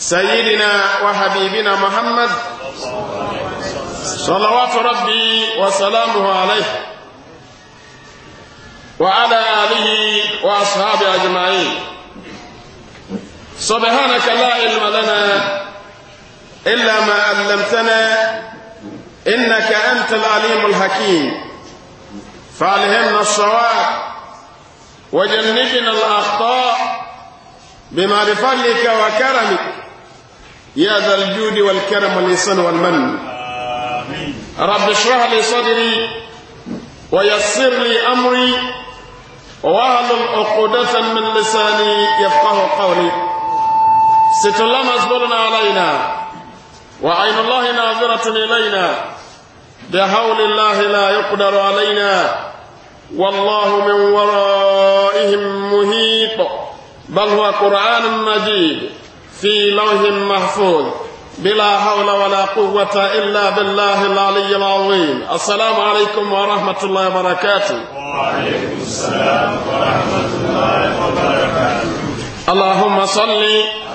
سيدنا وحبيبنا محمد صلوات ربي وسلامه عليه وعلى آله وأصحابه أجمعين سبحانك لا علم لنا إلا ما علمتنا إنك أنت العليم الحكيم فعلهمنا الصواب وجنبنا الأخطاء بما وكرمك يا ذا الجود والكرم والإحسان والمن آمين. رب اشرح لي صدري ويسر لي أمري وأهل عقودة من لساني يفقه قولي ست الله مزبرنا علينا وعين الله ناظرة إلينا بحول الله لا يقدر علينا والله من ورائهم مهيط بل هو قرآن مجيد في لوح محفوظ بلا حول ولا قوة إلا بالله العلي العظيم السلام عليكم ورحمة الله وبركاته وعليكم السلام ورحمة الله وبركاته اللهم صلِّ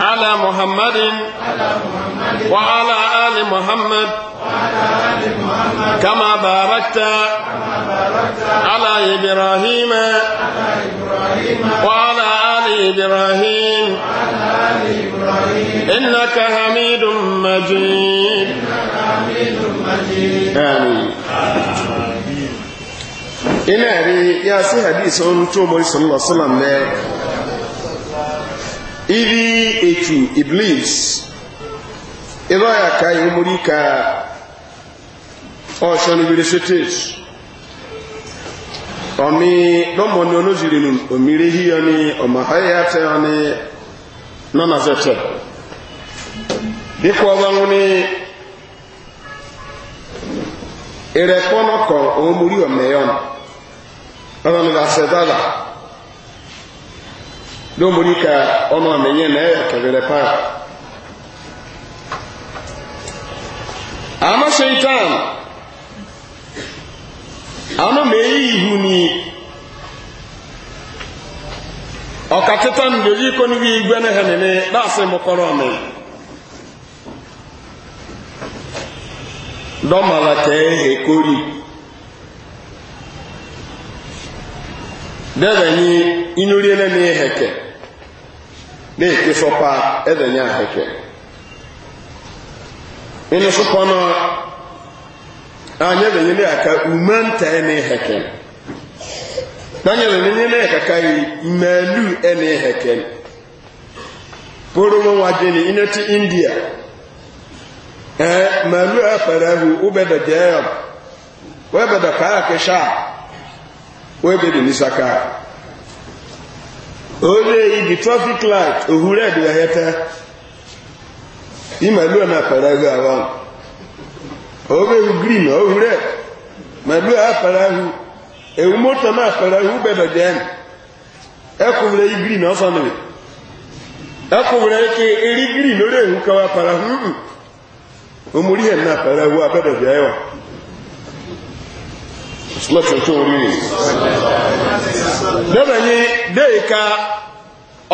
على محمد وعلى آل محمد كما باركت على إبراهيم وعلى آل إبراهيم إنك حميد مجيد آمين إلهي يا سيدي سنتم صلى الله عليه وسلم iri etu iblis ebe ọ ya ka ihe omori ka ọsọ n'ibiri setes ọmi lọmọ ni onoziri nu omiri hiyọ ni ọmọ ha ya tẹ ọ ni nọ na zẹtẹ dịka ọba nwụ ni erepọ nọkọ omori ọmọ ya ọ nọ na zẹtẹ n'omori ka ọnụ amịnye na ekebere paa amasịghị taa anụ m eyi ihu n'i ọkachịta m dị iko n'ihu igwe n'ihe n'ime na-asị m kpọrọ ọmị dọmala ka ehe kori debe nye inyuriele m ihe kee na-eke sọpa edenye aheke ịnụ sọpa nọ anyị edenye ndị aka ume nta ene heke n'anya edenye ndị na-ekaka yi mmelu ene pụrụ nwa jeni ineti india ee mmelu efere ehu ubeda e jeyọm webeda ka ya kesha webeda nisaka orí ibi traffic light òhúrẹ́ ìdí ẹ̀yẹta ìmẹ̀lú ẹ̀nà pẹ̀lẹ́gbé àwọn na ewu e green òhúrẹ́ mẹ̀lú ẹ̀ pẹ̀lẹ́hu ewu na náà pẹ̀lẹ́hu bẹ̀bẹ̀ dẹ́n ẹkùnrin yìí green ọ̀sán nìyẹn ẹkùnrin kí erí green lórí ewu kẹwàá pẹ̀lẹ́hu òmùrí na náà pẹ̀lẹ́hu abẹ́dẹ̀dẹ̀ ẹ̀wọ̀n islam tó onwe dẹ́bẹ̀ yí déèka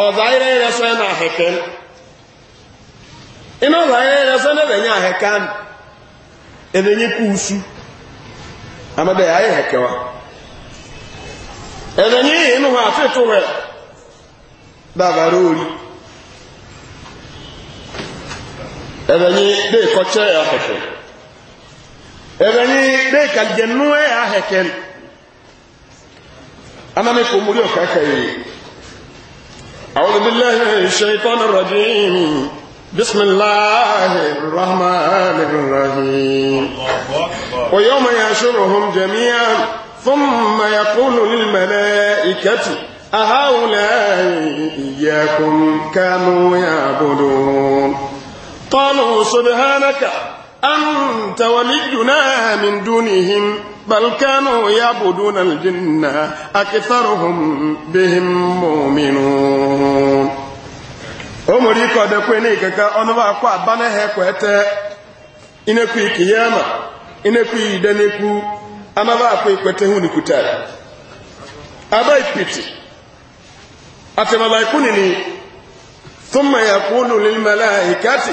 ọ̀dà ayẹrẹ yẹrẹ na ẹ̀nà àhẹ̀kẹ́ iná ọ̀dà na-ebenye sọ ẹ̀nà usu amadẹ́ ayẹ hẹ̀kẹ́ wa ihe yìí ebeni de kaljannu e a heken ana me ko muri o ka kai a'udhu billahi minash shaitanir rajim بسم الله الرحمن الرحيم ويوم يحشرهم جميعا ثم يقول للملائكة أهؤلاء إياكم كانوا يعبدون قالوا سبحانك atewal unahhadunhi balkenụ ya na ikaka bụdunaakiarụụ beghi iụo were kedewen kaka ọn wa ayaa nekwu yidenaekwu anakwa kwetehuta atịmliku uyaluali kti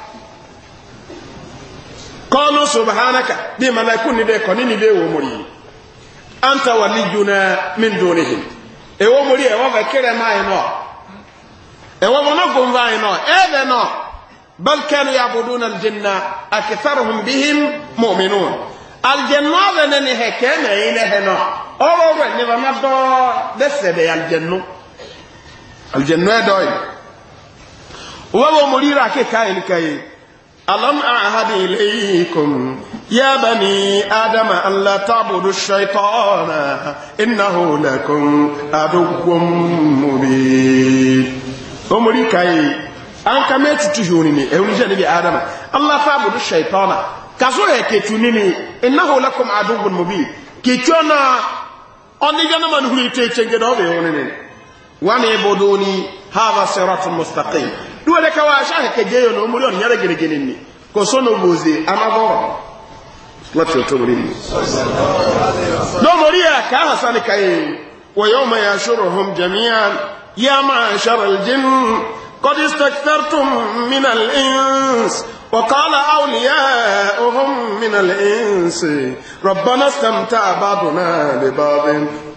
kọ́nù subhanaka bí malaiku ní bẹ́ẹ̀ kọ́ nínú ilé ìwò mórí anta wà ní juna min dùnì hìn ìwò mórí ẹ̀wọ́ fẹ́ kéré máa yìí náà ẹ̀wọ́ mọ́ náà gùn báyìí náà ẹ̀ẹ́dẹ̀ náà bẹ́ẹ̀ kẹ́nu yà bọ̀dún náà jìnnà àkìtàrù hùn bí hìm mọ̀mìnú aljanna bẹ ne ni hẹ kẹ́ẹ̀nà yìí lẹ́hẹ náà ọ̀rọ̀ rẹ̀ ní bàmá dọ́ lẹ́sẹ̀ bẹ̀ aljanna aljanna dọ́ yìí wọ́n wọ́n mórí rà kéka yìí nìkan yìí ألم أعهد إليكم يا بني آدم أن لا تعبدوا الشيطان إنه لكم عدو مبين أمريكاي أن كما تتجونني أولي جانبي آدم أن لا تعبدوا الشيطان كسوه كتونيني إنه لكم عدو مبين كتونا أني جانا من هريتي تنجدوا بيونيني وأن يبدوني هذا صراط مستقيم duwele kawa shahe kejeyo no muri on nyara gene gene ni ko sono ni no muri ya ka hasan kai wa yawma yashuruhum jami'an ya ma'shar وقال أولياؤهم من الإنس ربنا استمتع بعضنا ببعض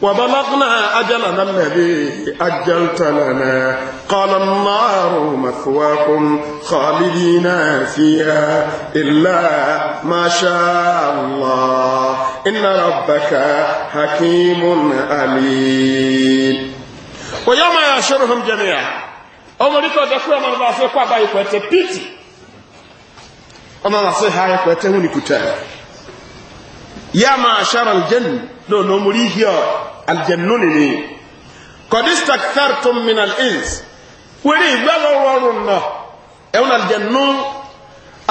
وبلغنا أجلنا الذي أجلت لنا قال النار مثواكم خالدين فيها إلا ما شاء الله إن ربك حكيم أليم ويوم يحشرهم جميعا أمريكا دفع من رأسك وبايك وتبيتي ọmọ àṣẹ ha ẹ̀kọ́ ẹ̀tẹ́hùn ní kùtà yá máa ṣára aljannu náà ní ọmọ rí híọ aljannu nìní kọdístak thartum min al-ins wẹ́rẹ́ ìgbà lọ́rọ̀ ọrùn náà ẹ̀wọ̀n aljannu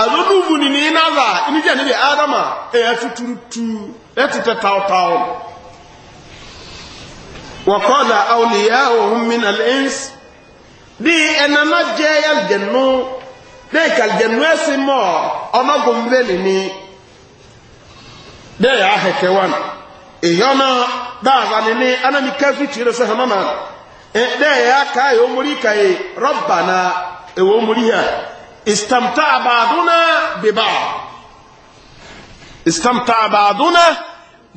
àdúgbò nìní iná rà níjẹ́ níbi ádámà ẹ̀yà tuturutu ẹ̀tùtẹ̀ tàwọ̀tàwọ̀ wọ̀kọ́lá àwòlìyà òhun min al-ins bí ẹ̀nàmá jẹ́ aljannu dee ka aljanu esi mọọ ọnọgụ mbeli ni dee ya aheke wan eyọna daaba nini anami kafi tiri so hama ma e, dee ya ka ya omori ka ye rọba na ewo omori ya istamta abaaduna biba istamta abaaduna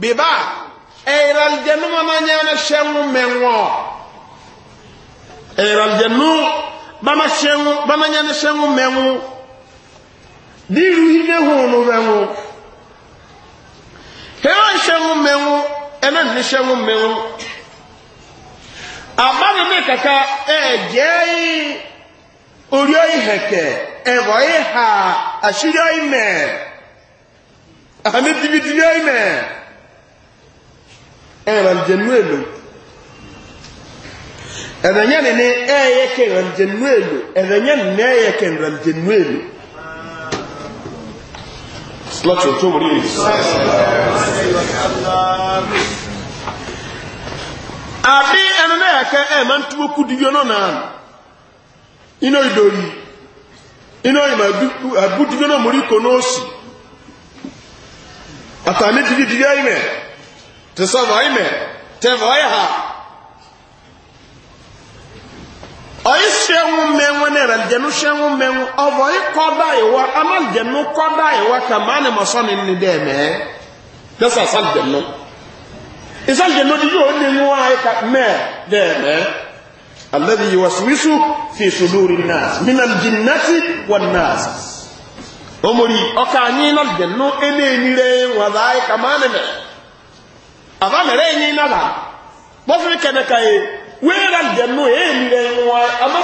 biba eyira aljanu ma ma nyana hyɛn mu bama shengu bama nyane shengu mengu diru hive hunu mengu hewa shengu mengu ena ni shengu mengu abana ne kaka ejei orio iheke evo iha ashiri oime ahame tibi tibi oime ena jenu elu ɛbɛnyɛ e e ne ne ɛyɛ kɛnran gyenuelu ɛbɛnyɛ ne ne ɛyɛ kɛnran gyenuelu slɔtɔ tó wuli yi. adi ɛnu ne yɛ kɛ ɛ man no na ino idori ino ima abu diyo no mori ko n'osi atani didi didi ayi mɛ tesɔfɔ ayi mɛ tɛfɔ ayi ha. ọyị sie nwụ mmenwe na aljanu sie nwụ mmenwe ọ bụ ọyị kọda ịwa ama aljanu kọda ịwa ka ma na masọ na nne dị eme dasa asa aljanu ịsa aljanu dị yi onye nwụ anyị ka mee dị eme alladhi fi suduri nas min aljinnati wan nas omori ọka anyị na aljanu ene nire nwa za anyị ka ma na mere aba na ba kpọfiri kene ka ya wera ndemu emire nwa ama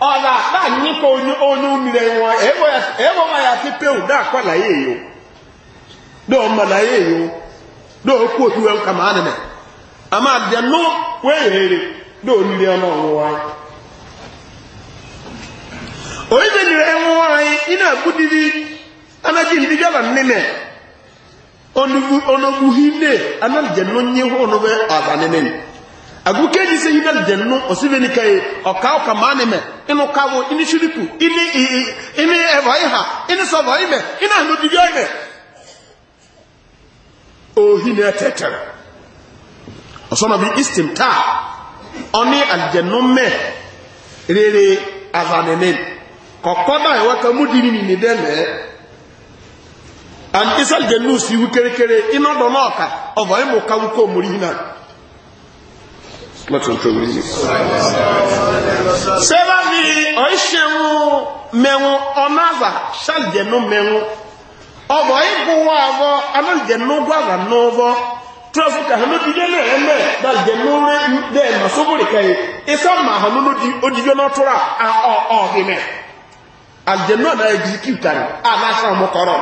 ọla na nyiko onye onye umire nwa ebo ya ebo ma ya kwa la eyo. do ma la eyo do ku otu en kama anene ama ndemu wehere do nire na nwa oyibe nire nwa ina budiri anaji ndi gaba nene onugu onube agukeji se hina jennu osiveni kai okao kamane me inu kawo ini shiriku ini ini evaiha ini sovaime Ohi na digaime o hina tetara osona bi istimta oni aljannu me rere azanene kokoda ewa kamudini ni deme an isal jennu si wukerekere ino donoka ovaimo kawuko muri hina lọ́tún tó wí. sẹ́bà mi ọ̀ṣẹ̀wọ̀n mẹ́wọ̀n ọ̀nàzà ṣàlìjẹ̀nu mẹ́wọ̀n ọ̀bọ̀ ìbúwọ̀ àbọ̀ anájẹ̀nu gbàgbà n'ọ̀bọ̀ tọ́sí kàhánú ti dé lẹ́yìn mẹ́ dàlìjẹ̀nu dẹ́ ẹ̀mọ̀ sóbòrì kẹ́yì ìsọ̀ màhánú lójijọ́ náà tóra ọ̀ọ̀ọ̀bì mẹ́ àlìjẹ̀nu àdáyé jìkìtà ní àdáṣà ọmọkọ̀rọ̀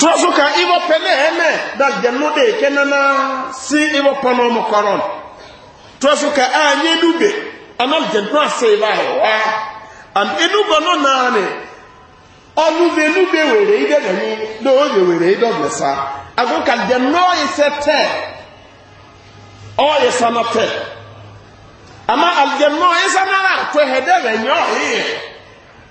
tọ́sù ka ìwọ pẹ̀lẹ́ ẹ̀mẹ́ dàgbẹ̀mú dè ké sí ìwọ pọnà ọmọ nù tọ́sù ka ànyé dùbè anájẹ̀dùn àṣẹ wá nọ nàánì ọlùbẹ ẹnubẹ wèrè ìdẹ̀gbẹ̀mí lóòjè wèrè ìdọ̀gbẹ̀sá àgùnkà dẹ̀mú ìṣẹ tẹ̀ tẹ̀ àmà àdẹ̀mú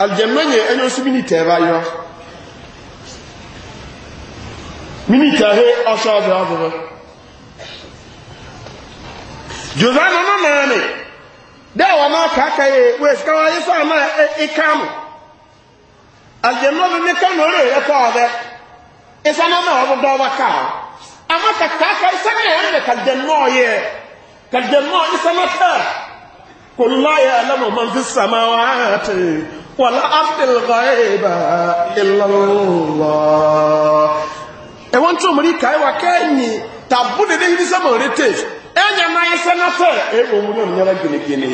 aljanna nye enyo si minita ebe ayo minita he ọsọ ọzọ ọzọ jose no no naanị dẹwà náà kàkà yẹ wẹ sikawa yẹ sọ àmà e, e ìkàmù aljanna e bi mi kàmù rẹ yẹ kọ ọbẹ ìsanamọ ọdọdọ ọba káà àmà kàkà ìsanamọ yẹ rẹ kàljanna ọyẹ kàljanna ìsanamọ kàà kò láyà lẹnu ọmọ nfi sàmáwá àti wàlá àfẹ́lẹ̀gọ́ ẹ̀bà ìlọ́lọ́. ẹ̀wọ́n tí o mọ̀ ní káyíwá kẹ́yìn tàbú dédé yìí sẹ́mọ̀ rétèj ẹ̀yẹ máa yẹ sẹ́nà fẹ́ ẹ̀rọ mú ní ọ̀nìyàrá gẹ́gẹ́ni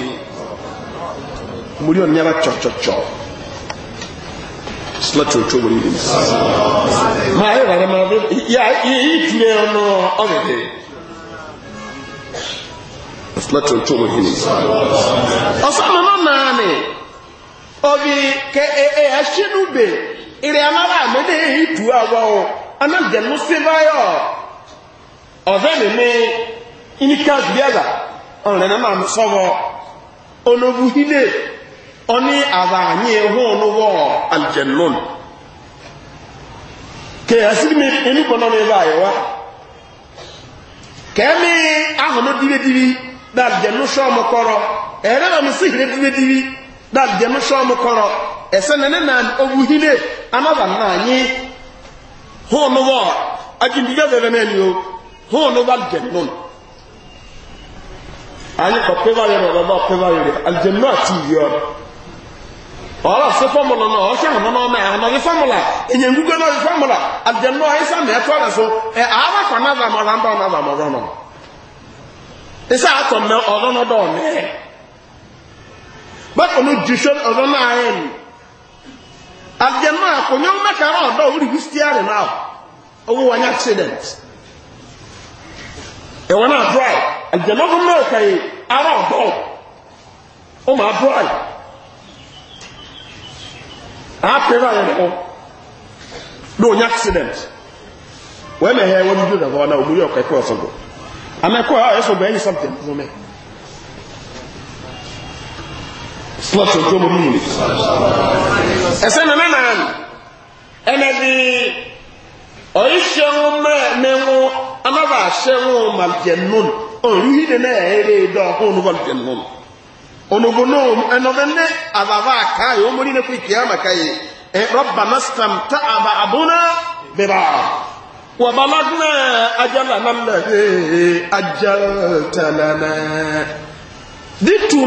mú ní ọ̀nìyàrá tsọ̀tsọ̀tsọ̀ sílẹ̀tì òtún wọlé yìí. máa yẹ rárá máa bẹ yà yìí tilẹ̀ ọ̀nà ọ̀rẹ́dẹ̀ sílẹ̀tì òtún wọlé yìí. ọ̀sán mọ̀ náà ni obi ke e e ashinube ire amara me de hitu awo ana de no sevayo ozeme me inika biaga onre na ma sobo onobu hide oni abanye hu no wo aljannun ke asimi eni kono me bayo wa kemi ahono dire dire dal jannu shomo koro ere na mi sihire dire dire that the mission mukoro esenene na obuhine anaba na anyi who no war, wo ajindiga bebe na ni o Who no ba jennon anyi ko pe ba yo no ba pe ba yo al jannati yo ọ̀rọ̀ sí fọ́mùlà náà ọ̀ṣẹ́ àwọn ọmọ ọmọ ẹ̀hàn ní fọ́mùlà èyàn gúgbé náà ní fọ́mùlà àjẹ̀nú àìsàn mẹ́tọ́ rẹ̀ so ẹ̀ àárọ̀ kan náà bàmọ́ ọ̀rọ̀ náà bàmọ́ ọ̀rọ̀ náà ìṣe àtọ̀ mẹ́ ọ̀rọ̀ náà dọ̀ mẹ́ẹ̀ bákan ní jùṣọ́ ọ̀dọ́ náà ẹ̀ nù àjẹmọ àkònyẹ ọmọ kẹrẹ ọdọ orí wí steering now owó oh, wa ní accident ẹwọ náà dry àjẹmọ ọdún náà kẹyì ara ọdọ ó máa dry àpẹẹrẹ ayẹyẹ kọ ní onye accident wẹ́n mẹ̀hẹ́ wọ́n dúdú nàbọ̀ náà òmùrí ọ̀kẹ́kọ̀ọ́ sọ̀gbọ̀ àmẹ́kọ̀ọ́ ẹ̀ sọ̀gbọ̀ ẹ̀yìn something fún mi. slọtọ tó mo nínú ni ẹsẹ nana nàn ẹnna bi ọyí hyẹ wọn mẹ wọn amaba ahyẹ wọn maljanun ọyí de na ẹyẹrẹ dọ ọhún ní maljanun onubunom ẹnọbẹnẹ ababa akáyé wọn mo ní nekú ìkìyàmà káyé ẹ rọba nastam ta aba abona bẹba. وبلغنا أجلنا الذي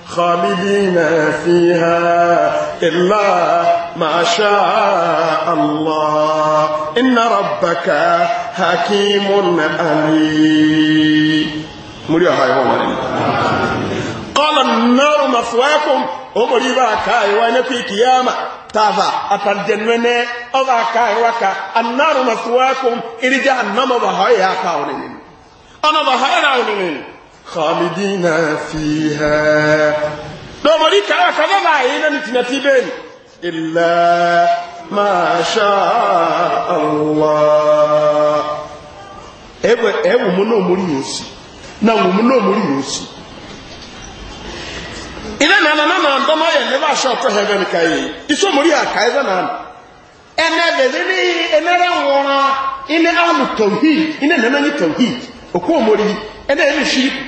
خالدين فيها إلا ما شاء الله إن ربك حكيم أليم مريا هاي هو قال النار مثواكم أمري باكا يوانا في كيامة تافا أترجنوني كاي وكا النار مثواكم إلي جهنم بهاي أكاونين أنا بهاي أكاونين khalidina fiha dɔmɔdi kala kala b'a ye na ni tinɛti bɛ yen illa masha allah ɛwɛ ɛwɔ mu n'o mori y'o si na wɔ mu n'o mori y'o si ina nana na na dɔmɔ yɛ ne b'a sɔn tɔ hɛ bɛ ni ka ye iso mori y'a ka na ɛnɛ bɛ ni ɛnɛ yɛ ŋɔra ina alu tawhid ina nana ni tawhid o k'o mori e ni shiriku.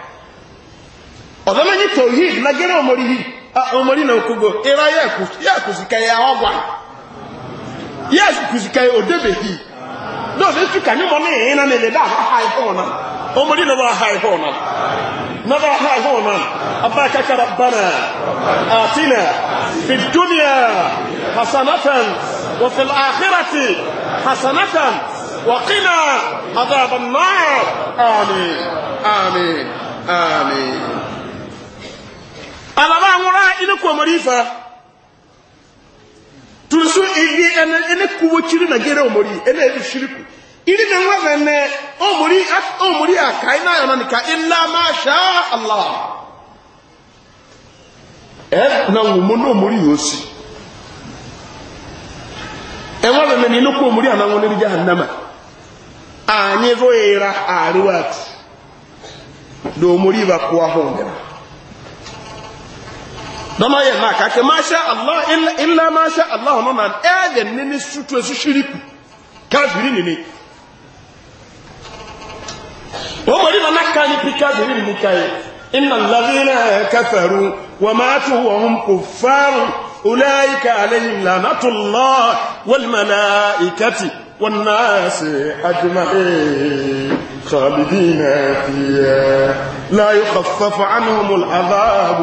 ọ̀dọ́ méjì tó yí ìdílagẹ́rẹ́ ọmọrí yìí ah, ọmọrí náà kúgbò ìrá yẹ́ẹ̀kùsìkẹ́ yà ọgbà yẹ́ẹ̀kùsìkẹ́ òdébè yìí lóòsì túkà ní mọ́ní ìhìnà nílẹ̀ dá àhá ìfọ̀n náà ọmọrí náà àhá ìfọ̀n náà náà àhá ìfọ̀n náà abákàkà rabbana àtinà fi dúnìà hasanatan wọ́fẹ̀ àkírati hasanatan wọ́kínà àdàbà àmì àmì àmì ababa ahora ene kuomori fa turusu iri e, e, ene ene kuwo kiri na gere omori ene eri shiriku iri na nwa vene omori omori aka ina yana nika illa ma sha Allah eh na ngumo no omori yosi enwa vene ni ene kuomori ana ngone ri jahannama anyi roera ariwatu do omori ba kuwa hongera dɔnna yɛ maa k'a kɛ maasha allah illa maasha allah ɔno na ɛɛ yɛ nene sutu esu shiriku kafiri nene o mɔri na na ka ni pi kafiri nene ka ye inna ladina kafaru wa maatu wa hum kufaru ulaika alayhim lanatullah wal malaikati والناس أجمعين خالدين فيها لا يخفف عنهم العذاب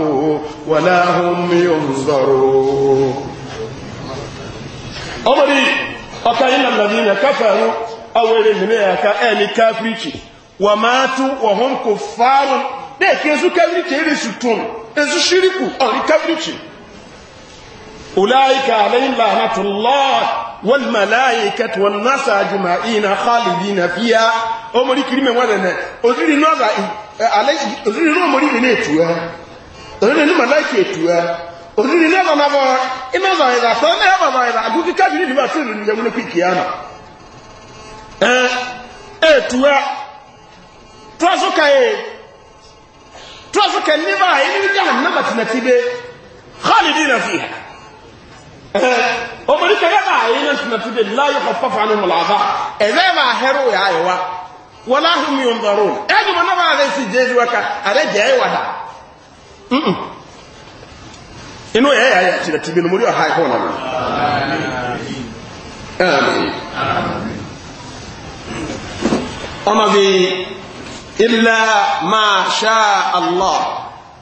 ولا هم ينظرون أمري أكاين الذين كفروا أولي هناك أهل كافريك وماتوا وهم كفار ده كيزو كافريك يرسلتون إذو شركوا أهل كافريك أولئك عليهم لعنة الله والملائكة والناس أجمعين خالدين فيها أمري كريم ولنا أزري نوزا عليه أزري نو أمري بنيتوا أزري نو ملائكة توا أزري نوزا نبا إما زايدا سنة إما زايدا أقول في كابيني دي بسير من يوم نكوي كيانا إيه إيه توا توا كاي توا سكاي نبا إيه نبا نبا خالدين فيها Eh, ọmọdé kẹkẹ bá ayé náà sinà tó dé láyé kọ fọfọ àni mọlá bá ẹ̀rẹ́ bá hẹ́rọ yà ayé wa wọ́n láhùn mi ń dọ̀rọ̀ ẹ̀dùn mọ́ náà bá rẹ̀ sì jẹ́ ìdúrà ká àrẹ jẹ́ ẹ̀wà dà inú yẹ yà yà tìrẹ̀ tìbí mo rí ọ̀há ẹ̀kọ́ náà ọmọ bi ilà máa ṣá allah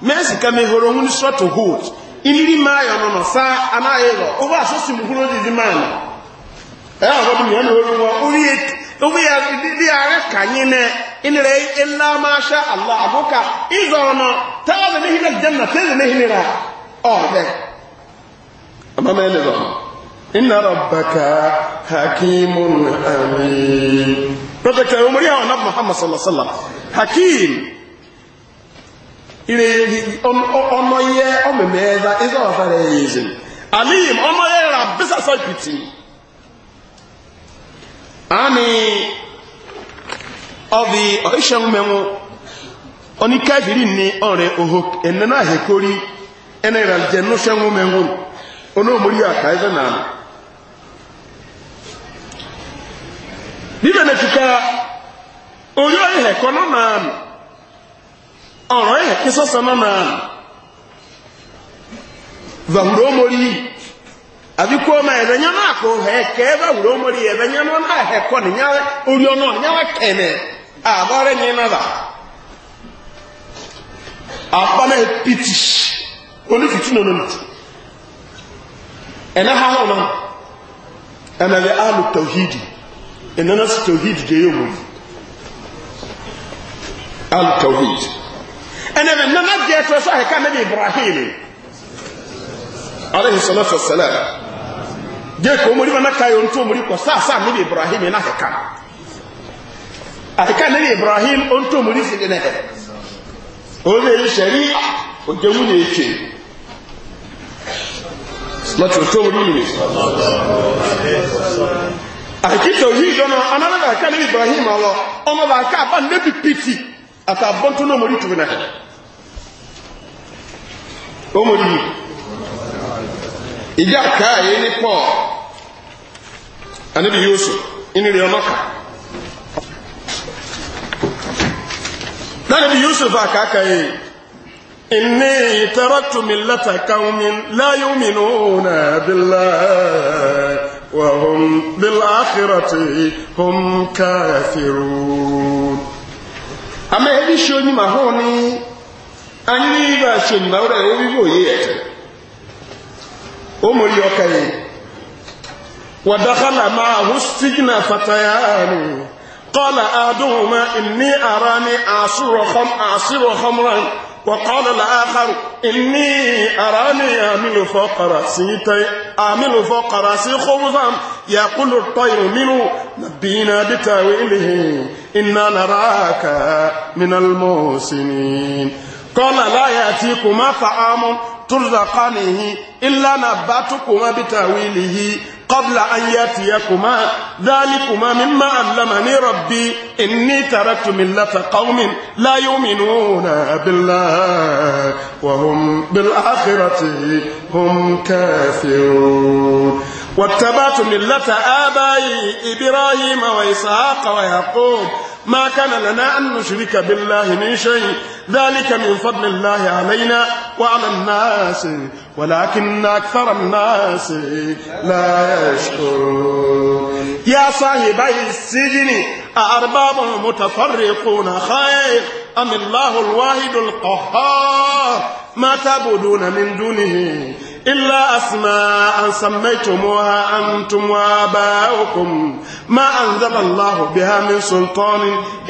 mẹ́sìkà mi horo ń sọ́tò hood iliri maa yɛ ɔnono saa anaa yɛ lɔ ɔba asosɔ mu kuro didi maa no ɛyɛ ɔbɔ mi yɛn ɔyɛ wɔn ɔbi yɛ ɔbi yɛ bi ara kanyi nɛ ɛnira yɛ ɛnna maa hyɛ ala aboka izɔn no taaba ne hinɛ gyɛnna tɛɛze ne hinira ɔbɛ ɔba mɛ ne lɔ ina rabaka hakimun amin pɛtɛkɛ ɔmɔ yɛ ɔnab muhammad sallallahu alaihi wa sallam hakim. ireyehi ọmọ yẹ ọmọmọ ẹ̀dá ẹ̀dá ọ̀fẹ́rẹ̀ ẹ̀yẹ̀zẹ̀ alihim ọmọ yẹ rà bísà sọ́pìtì àmì ọ̀bì ọ̀ṣẹ́ mẹ́wọ́ oníkẹ́bìrì ní ọ̀rẹ́ òhò ẹ̀nẹ́ náà hẹ́kórí ẹ̀nẹ́ rà jẹ́ nóṣẹ́ mẹ́wọ́ onóòmórí àkàẹ́fẹ́ náà nígbà náà fìkà orí ọ̀hẹ́kọ́ ọ̀rọ̀ ẹ̀ kí sọ́sọ́ mọ́mọ́ àbíkú ọmọ ẹ̀rẹ̀nyẹ́ náà kò hẹ̀kẹ́ vàhùrò mórí náà hẹ̀kọ́ ní orí ọ̀nà nyáwẹ́ kẹ̀mẹ̀ àbọ̀rẹ̀ nyẹ́ náà àpamẹ́ pìtì onífìtì nínú nìtì ẹ̀nà ha hàn náà ẹ̀nà àlù tọ̀hídì ẹ̀nà náà sì ẹnẹ̀mẹ̀ nana jẹ́ ẹ̀tọ́ sọ àyíká nẹ́bí ibrahim alayhi jẹ́ kò mórí wọn ká yóò tó mórí kọ sáàsá nẹ́bí ibrahim náà hẹ̀ká nẹ́bí ibrahim ó tó mórí sí ní ẹ̀hẹ̀ ó lè yí ní èké lọ́tí ó tó mórí mi àkítọ̀ yìí nẹ́bí ibrahim ọlọ ọmọ nẹ́bí ó mọ̀ yìí ìjà káàyè ní pọ̀ anibi yóò sùn inú rẹ̀ ọlọ́kà lánàbí yusuf àkàkà yìí inni taraktu millata kaumin la yu'minuna billahi wa hum bil akhirati hum kafirun ama ebi shoni mahoni anyi ba ṣe ni bàbá rẹ̀ wíwò yé ẹ̀tẹ̀ ó mọ̀ rí ọkà yìí wàdákàlà máa hù sígínà fàtàyàrù kọ́là àdúhùnmá ìní ara ní àṣírò ọmọràn وقال الآخر إني أراني أعمل فوق رأسي أعمل فوق رأسي خبزا يقول الطير منه نبينا بتاويله إنا نراك من المحسنين قال لا يأتيكما طعام ترزقانه إلا نباتكما بتأويله قبل أن يأتيكما ذلكما مما علمني ربي إني تركت ملة قوم لا يؤمنون بالله وهم بالآخرة هم كافرون واتبعت ملة آبائي إبراهيم وإسحاق ويعقوب ما كان لنا أن نشرك بالله من شيء ذلك من فضل الله علينا وعلى الناس ولكن أكثر الناس لا يشكرون يا صاحبي السجن أأرباب متفرقون خير أم الله الواحد القهار ما تعبدون من دونه إلا أسماء سميتموها أنتم وآباؤكم ما أنزل الله بها من سلطان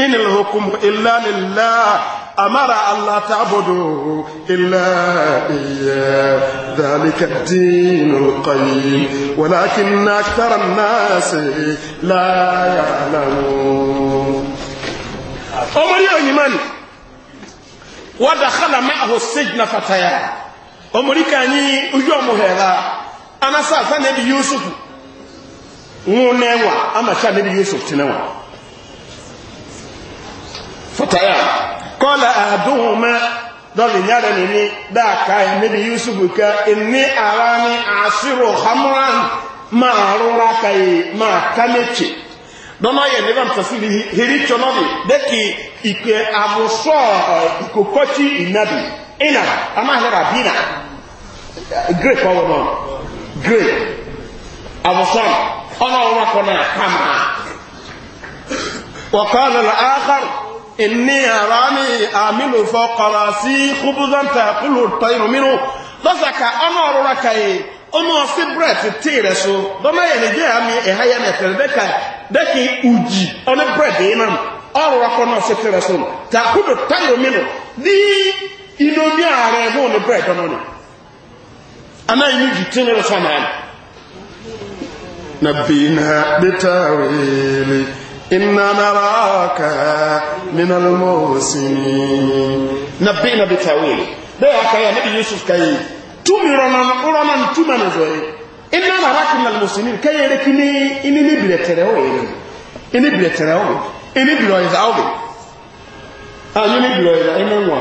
إن الحكم إلا لله أمر ألا تعبدوا إلا إياه ذلك الدين القيم ولكن أكثر الناس لا يعلمون أمر يا إيمان ودخل معه السجن فتيان omorika anyị uju ọmụghela anasa asa na ebi yusuf nwụ n'enwa amacha na ebi yusuf tinenwa fọta ya kọla aduhuma dọlị nyara nini daka ya mebi yusuf ka inni arani asiru hamran ma rụra ka yi ma kameche dọ́nà yẹ̀ nígbà tẹ̀sílì hìrìtì ọ̀nàdì dẹ́kì ìpè àmùsọ̀ ìkòkọ́tì ìnàbì ìnà amáhẹ́rà bínà grape ọwọ náà grape abosom ọ̀nà ọ̀nà kọ́nà kama wọ́kọ́lá l'áàkàr inni àrámi àmìlò fọ́kọ̀rọ̀ sí kúbúzọ́ntà kúlù tọ́yìnrù mínú lọ́sàkà ọ̀nà ọ̀rọ̀ kàyè ọmọ sí brett tí rẹ̀ so bọ́mọ yẹn ní jẹ́ àmì ẹ̀há yẹn ẹ̀fẹ̀ dẹ́ka dẹ́kì ùjì ọ̀nà brett yìí nàm ọ̀rọ̀ kọ́nà sí tí rẹ̀ so tàkúlù tọ́yìnrù mínú ní inú ní ààrẹ ẹ̀gbọ́n ní brett ọ̀nà náà ana yi miji tun yau sana نبينا بتاويل إنا نراك من المحسنين نبينا بتاويل ده هكا يا نبي يوسف كي تومي رنان رنان تومي نزوي إنا نراك من المحسنين كي يركني إني نبلي تريوي إني بلي تريوي إني بلي تريوي أنا نبلي تريوي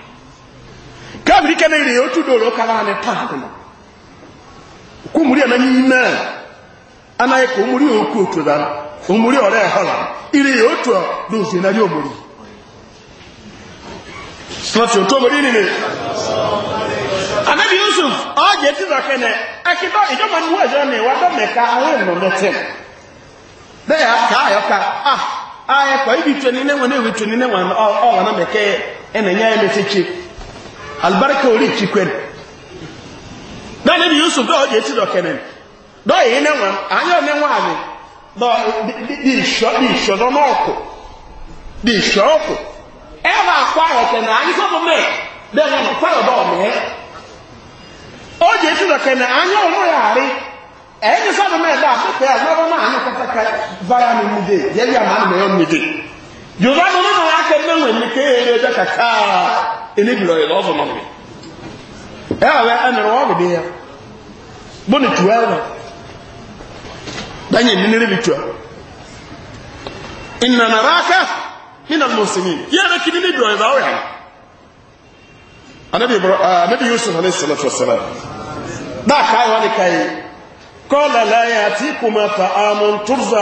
káfíìrì kẹ́nẹ́ rèé ó ya otu kára ní páàkì na kú múrí ẹ̀nà yìí náà anáyẹ kò múrí òkú òtò dára òmúrí ọ̀rẹ́ ẹ̀họ́là ìrè ó tọ̀ lóòsì náà yóò múrí slọ́tì ò tó múrí nìyẹn anabi yusuf ọ̀jẹ̀ tí zàkẹ́ nẹ akidọ́ ìjọba ní wọ́n ẹ̀jọ́ ka ka ah ibi albarka ori chikwen na ne yusuf do je ti do kenen do yi ne wan anyo ne wan ni do di sho di sho do no ko di sho ko e ma kwa ro ke na anyo so me de ne no kwa ro do me o je ti do kenen anyo no ya ri e ni so me da pe pe a no ma anyo kata ka vaya ni mi de ye ya ma ni me mi de yorùbá tó nínú wa kẹ mẹwọn ẹni kéèrè ẹjọ kàkà ẹni bìrọ yìí lọ́wọ́ fọmọ mi ẹ wà wẹ ẹnìrọ wọn bìbí yẹ bó ni tù ẹ e wẹ dáyé ní nírí bi tù ẹ ìnana rákà nínà mùsùlùmí yẹ ẹni kìíní ní bìrọ yìí lọ́wọ́ yà anabi ibrọ ah, anabi yusuf alayhi salatu wa salam dáa káyọ̀ wọn ni káyọ̀ kọ́ lálẹ́ yà tí kùmà tà àmọ́ ntúrzà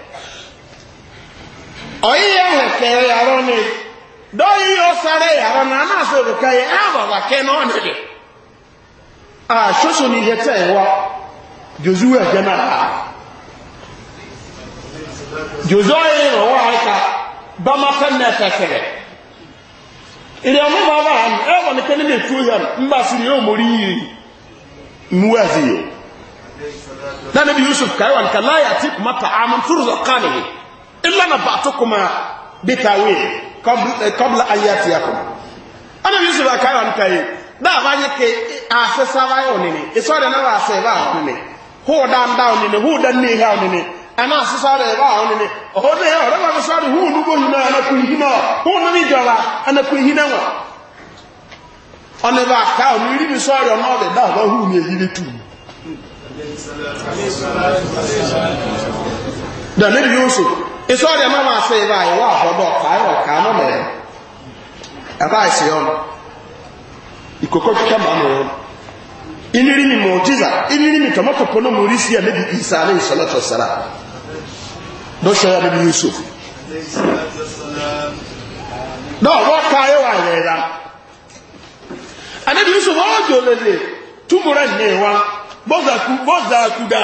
onye ya hekere yàrá ni dọyị ọsara na ana asọrọ ka ya ababa ke na ọ a soso ihe ịwa jozu wee gye na ha jozu ọyị rọwọ aka bama na ẹfẹsẹrẹ ìdí ọmọ bá bá hàn ẹ wọ ni yóò mórí yìí mú yusuf ka wà nìkan láyà tí ìlànà bàtúkùmá bítàwé kọ́bùlà ayé àti ẹ̀kọ́ ọ̀nà yìí sọ̀rọ̀ káyọ̀ nípa yìí dáa bá yẹ kí àṣẹ sáwáyé ònìní ìsọ̀rọ̀ náà wà àṣẹ ìbá ònìní hóòdà ń dá ònìní hóòdà ní ìhà ònìní ana asisa da ba wani ne ohoda ya wadda wani sari hu nugo hina ana kun hina hu na ni jara ana kun hina wa ọ̀nà bá ká ọ̀nà ìrí mi sọ́ọ̀rì ọ̀nà ọ̀dẹ̀ dáa bá hù mí èyí lè tù mí. dàníbi yóò sọ Esi ọrịa mama asị ebe a iwu abọdọ ka anyị ọ ka anọ mere. Ebe si ọnụ. Ikoko kika ma anọ ọnụ. Iniri mi muujiza iniri mi risi ya mebi Isa alayhi salatu wassalam. Dọ́sọ̀ ya mebi Yusuf. ka wa yẹ̀ Anabi Yusuf ọ̀ jọ lele túmùrẹ̀ ní wa bọ́ọ̀zà kú bọ́ọ̀zà kú dà.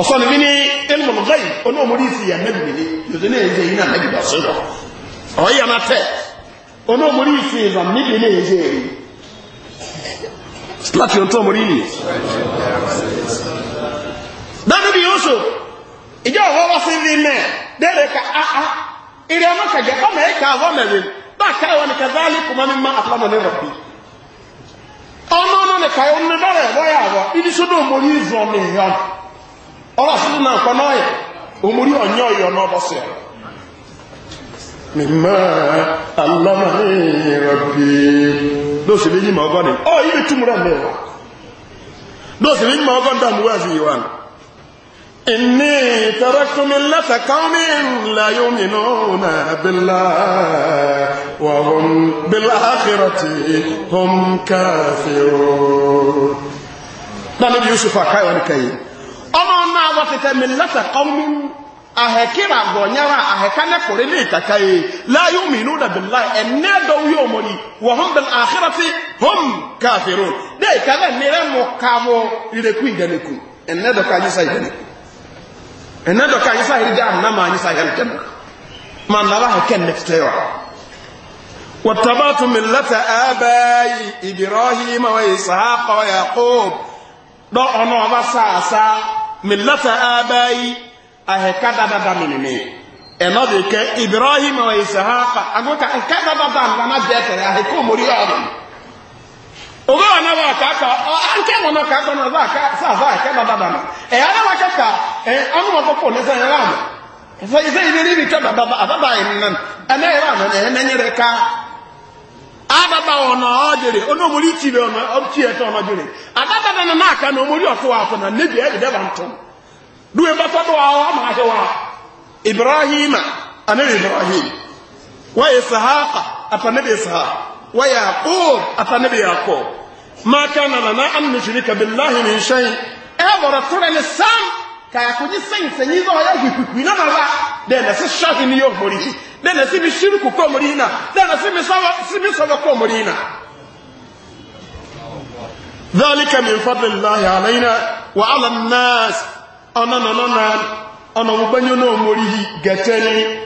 ọ̀sán ni mí ní ilmùn gáyì onóòmùrí ìfì ànẹ́bì mi ní yòtò ní èyí ní ànẹ́bì bá sọ́rọ̀ ọ̀yà máa tẹ̀ onóòmùrí ìfì ànẹ́bì ní èyí èyí láti ohun tó mú rí yìí dáadé bí yóò ìjọ ọ̀wọ́ wá sí rí mẹ́ ka áá ìrìn àmọ́kàjẹ́ ọmọ ẹ̀ka àwọ̀ mẹ́rin bá a ká ẹ̀wọ̀n ní kazaalí kùmọ́ mímọ́ àfọlọ́mọ́ ní rọ̀bì ọmọ ọmọ nìka yóò ní dọ́rọ̀ ya yà na ibi sọ́dọ̀ òmòrí ìzọ ní ìyọ́n na àṣírí náà kọ́ náà yẹ òmòrí ọ̀nyẹ́ ọ̀yọ́ náà bọ́ sí ẹ̀ mímọ́ alámàlẹ́ ìrọ̀bí ni ọ ibi túmọ̀ rẹ̀ mẹ́wàá lóṣèlú yìí mọ̀ ọgọ́ ń dàmú wá إني تركت ملة قوم لا يؤمنون بالله وهم بالآخرة هم كافرون نبي يوسف أكاي ونكاي أما ما وفت ملة قوم ahekira gonyara ahekane korele itakai la yu'minuna billahi enne do yomoni wa hum bil akhirati hum kafirun de kala nire ɛnɛ dɔ ka ayisa yiri jaa nna maa ayisa yiri jɛn maa nara ha kɛn nɛkitɛ wa wɔtabatu milata abayi ibirahima wa isaaka wa yakob dɔ ɔnɔ ɔba saasa milata abayi ahɛka oge wa nawa aka aka anke na ka ka sa ba na e ana wa ka ka e anu wa popo ne sa ya na fa ize ile ni bi ka nan na ka ababa ono odere ono mo ri ti na ono obti e to dịrị. na na aka na mo na ne bi e de ba nto wa ma ibrahima ibrahim wa ويعقوب أفنبي يعقوب ما كان لنا أن نشرك بالله من شيء أبرا إيه سورة السام كيكون السين سنيزا ويكوكوين أنا دينا سشاك نيوك مريه دينا سيبي شركو كو مرينا دينا سيبي سوا سيبي سوا كو مرينا ذلك من فضل الله علينا وعلى الناس أنا نانا أنا مبنيو نو مريه جتني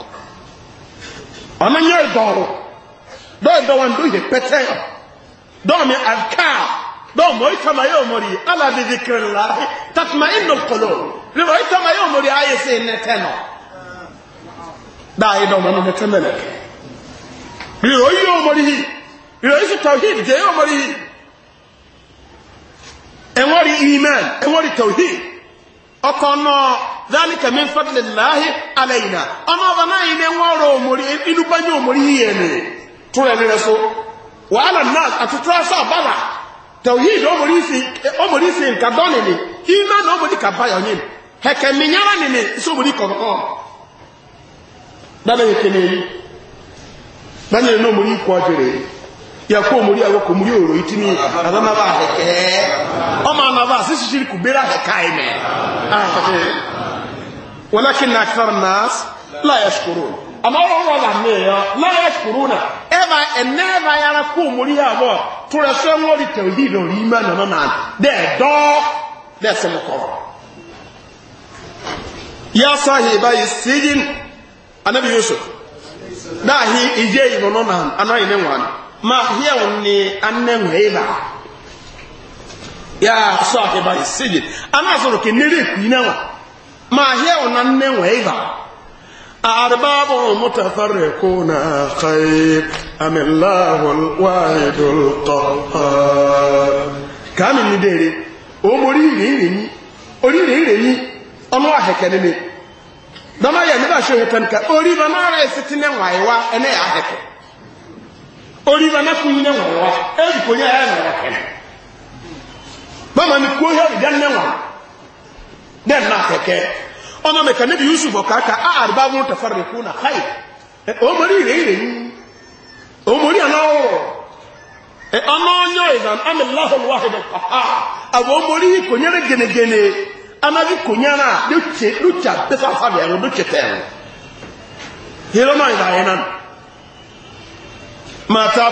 ɔno nyɛ dɔɔro dɔɔ dɔwɔ ndo yɛ pɛtɛ dɔɔ mi alkaa dɔɔ mɔ itama yɛ omori ala bi zikiri la tatuma inu kolo riba itama yɛ omori ayɛ se nɛtɛ nɔ daa yɛ dɔɔ mɔno nɛtɛ mɛlɛ riba oyi omori yi riba oyi si tawhid jɛ yɛ omori yi ɛwɔri iman ɛwɔri tawhid. ọkọ̀nà zálìkà min fadlì láàáhí aláìná ọmọ ọba náà ilé wọ́n rọ òmòrí inú bá òmòrí ni tó so wàhálà náà àtútù òmòrí sí dọ́ọ̀nì ni na òmòrí kà báyọ̀ ní hẹ̀kẹ̀ mi nyára ni ni sí òmòrí kọ̀ọ̀kọ́ dábẹ́ yìí kéne yìí báyìí ní òmòrí kọ́ jẹrẹ yẹ kó òmòrí àwọn kò mú yóò rò sisi shiriku bila hekaime walakin akthar an-nas la yashkurun ama wa wa ne ya la yashkuruna eva eneva yara ku muri abo to re se won ri tawhid ori iman na na de do de se ko ya sahiba isijin anabi yusuf dahi ije ibono na anoyi ne wan ma hiya wonni anne ngweba ya sahiba isijin anazuru kinire kuinawa ma hiyo na nne waiva arbabun ah, mutafarriquna khayr am Allahu al-wahid al-qahhar kami ni dere o mori ire ni ori ire ire ni ono aheke ni mi dama ya ni ba shoye tanka ori ba na re sitine waiwa ene ya aheke ori ba na kunyine waiwa e ko ya ya na aheke mama mi kuo hɛ ɛdiya nɛwa dɛ na kɛkɛ ɔmɔ mɛ kanabi yusuf kaka a ariba wọn tɛ fari na hayi ɛ ɔmɔri yire yire yi ɔmɔri yɛ onye ɛ ɔnɔ nyɔ ìzan ami lahol wahid ɔha awɔ ɔmɔri konyɛrɛ genegene anabi konyɛrɛ do tse do tsa bɛsa fabi ɛrɛ do tse tɛrɛ yɛrɛ yɛ mata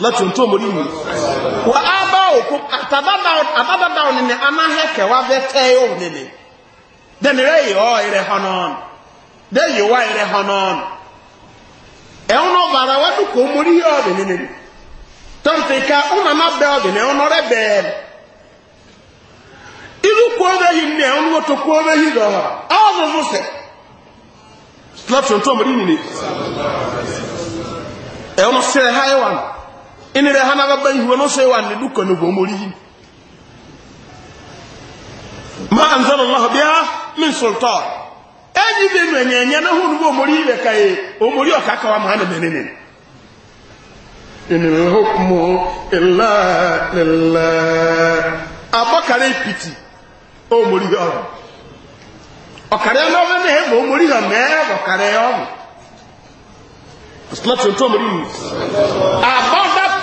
láti ohun tó mọ̀ rí wà á bá òkú àtàbádà ònìní anáhẹ́kẹ̀ wá fẹ́ tẹ́ ònìní dẹ́ni rẹ̀ yìí ọ́ ẹ̀rẹ̀ hànán dẹ́ wá ẹ̀rẹ̀ hànán ẹ̀hún náà bàrà wá dúkọ̀ ó mọ̀ rí yìí ọ̀dẹ̀ nínú tọ́ǹfìkà ọ̀nà má bẹ́ ọ̀dẹ̀ ẹ̀hún náà rẹ̀ bẹ́ẹ̀ kú yìí ẹ̀hún wọ́n tó inire hana baba ihuwe no se wa niduko ni bo mori ma anzala allah biha min sultan eji be nu enyenye na hunu bo mori be kai o mori o kaka wa mahana menene inil hukmu illa lillah abakare piti o mori be oro ọkàrẹ ọlọ́wọ́ ní ẹgbẹ̀ omori hàn mẹ́rẹ̀ ọkàrẹ ọmọ ọ̀sán tó tó mọ̀rí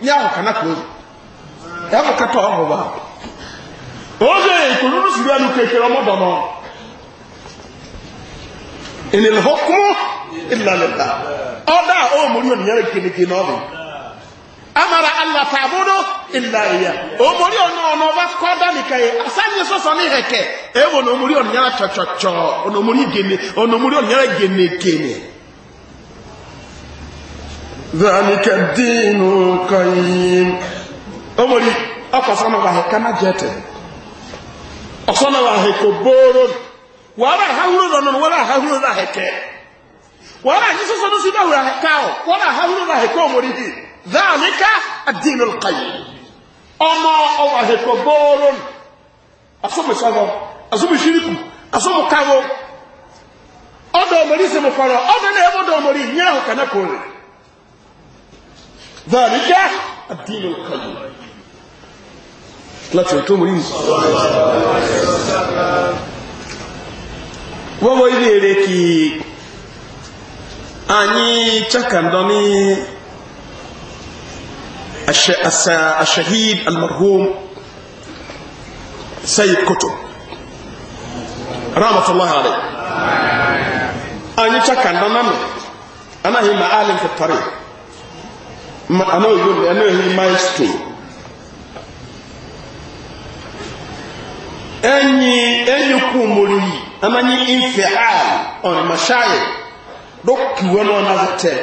yàwó kana kúrò ẹ̀fọ́ kẹtọ́ ọ̀hún wa oge ìkòlù ní sùgbọ́n ẹnu kékeré ọmọ dọ̀nà ìnìlẹ̀ hókùn ìlàlẹ̀ta ọ̀dà ọ̀mọ̀rí ònìyàn kìnnìkì náà bì amara allah taabudu illa iya omori ono ono ba kwada nika ye asanye soso ni heke ewo no omori ono nyara chochocho ono omori gene ono omori ono nyara gene gene ذلك الدين القيم أمري أقصنا الله كما جاته أقصنا الله كبور ولا هول ظن ولا هول ذاك ولا جسس نسيبه ذاك ولا هول ذاك أمري ذلك الدين القيم أما الله كبور أصوم سبب أصوم شريك أصوم كاو أدو مريسي مفارا أدو نعم أدو مريسي نعم كنا كوري ذلك الدين القيم لا تنتم لي وهو يريك أني تكندني الشهيد المرحوم سيد كتب رحمة الله عليه أني تكندني أنا هي معالم في الطريق anaghị maestro enyi enyikwu moriri amanyi a on mashaye dokiwe no nazate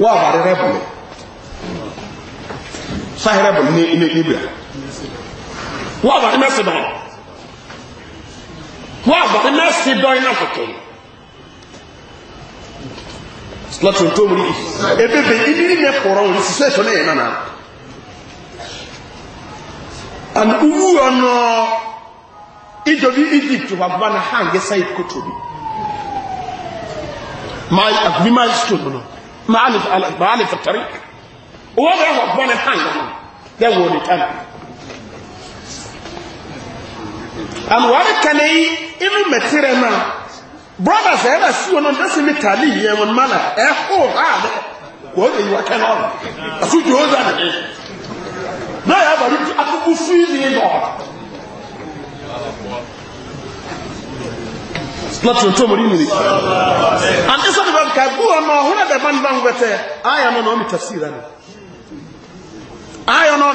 wa bare rebel sahi rebel ni ni ibra wa bare mesido wa bare mesido ina kokin slatin tó múrí ebebe ibiri yẹ pọ̀rọ̀ wọn sísọ ẹ̀ṣọ́ náà yẹ nánà and uwu ọ̀nà ìjọbi egypt wà bá na hàn gẹ́sà ìkótó bi máa àbí máa ṣètò bọ̀nà máa lè fẹ̀tẹ̀rì owó bẹ̀rẹ̀ wà bá na hàn gẹ́sà bẹ́ẹ̀ wọ̀ ní tán and wàá kàn ní inú mẹ̀tẹ̀rẹ̀ náà brothers ẹ bẹ si wọn ndé sinmi tali yẹ wọn mana ẹ kó ha dẹ wọ́n lè yíwá kẹ́nà ọ̀rọ̀ àti jòhóza nìyẹn náà yà bàbí akókó fíìlì nà ọ̀rọ̀. láti ọ̀tọ́ mọ̀ nínú ni àti sọ́dọ̀ bá ká gbó ọmọ ọ̀hún ẹ̀dẹ̀ bá ń bá ń gbẹ̀tẹ̀ ayọ̀ náà ọ̀mì tafsir rẹ̀ ni ayọ̀ náà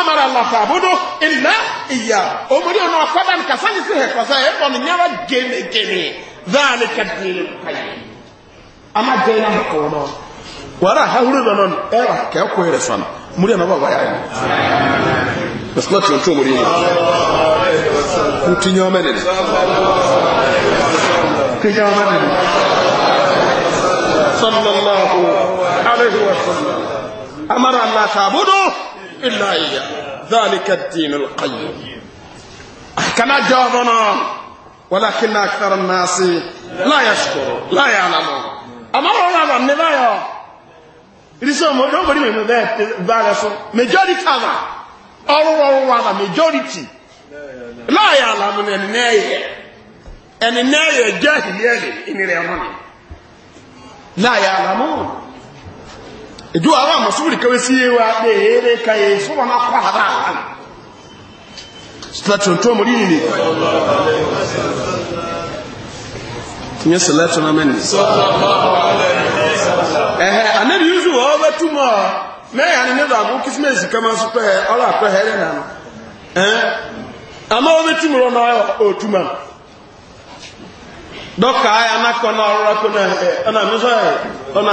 amara lafa bodo ila iya omori ono akwada nka sanyi si he kwasa e bo nyara gene gene zalika dinul qayyim ama jena ko no wara ha huru no non era ke ko ere sana muri na baba yayi basla tun to muri ni kutinyo menene kutinyo menene sallallahu alaihi wasallam amara la tabudu إلا إياه ذلك الدين القيم أحكنا جوابنا ولكن أكثر الناس لا يشكر لا يعلمون أمرنا من نبايا رسول nobody may من there so majority هذا all all هذا majority لا يعلمون أن يعني نايه أن يعني نايه جاهل يلي يعني إن لا لا يعلمون edu ara masubiri kawesi yewa de ere kaye so wana kwa hada salatu to mo ni ni tinya salatu na men sallallahu alaihi wasallam eh anabi yuzu wa batuma me ya ni ndo abu ola eh ama na na na na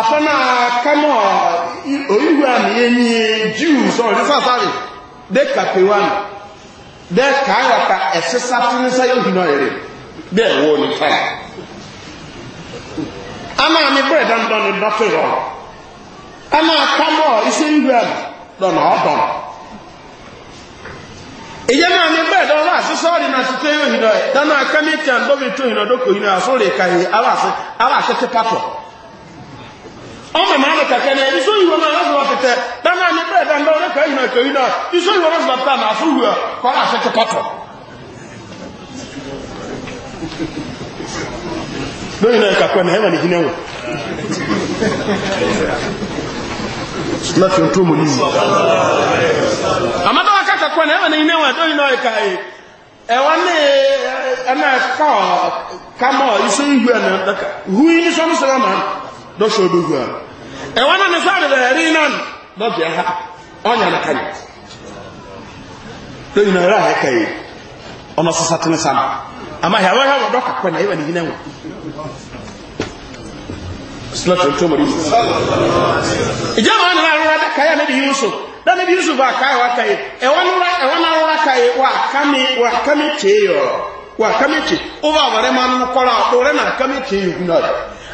afana kamọ oyiwe ami enyi jew sọ ọdún sasari de kape wani de kaayọ ka ẹsesa tinisa yóò hin ọyẹrẹ de ẹwọ ni ama mi bẹrẹ dandan ni dọfin rọ ama kamọ isi ndu ẹmu dọna ọdọn ìyẹn mi bẹrẹ dọwọ náà yóò dáná tó ọdọkọ pàtó. ọmọ màá lè kẹ̀kẹ́ ní iṣu ìwọ náà lọ́sọ̀rọ̀ tẹ̀tẹ̀ dáná ní bẹ́ẹ̀ dáná ọ̀rẹ́ kẹ́ ìyìnà kẹ́ ìyìnà iṣu ìwọ lọ́sọ̀rọ̀ tẹ̀tẹ̀ náà fún ìwọ kọ́ àṣẹ ti pọ̀tọ̀. lóyún náà kàkọ́ nìyí náà ẹ̀wọ́n náà ní sáré rẹ̀ rí náà lọ́bì ẹ̀ha ọ̀nyà náà kàyè lóyún náà rà ẹ̀ka yìí ọ̀nà sísá tó ní sáà àmà ìyàwó ẹ̀ha wọ̀ dọ́kà pẹ̀lú ẹ̀wọ̀n nìyí náà wọ̀ sílẹ̀tì tó mọ̀ níbi ìjẹ́ wọn náà rọra dá kàyà níbi yusuf dáná bí yusuf àkáyè wá kàyè ẹ̀wọ́n náà rọra kàyè wà kámi wà kámi tèè yọ̀ wà kámi tèè ó bá àwọ̀rẹ́ máa ń kọ́ra àpò rẹ̀ náà kámi tèè yìí náà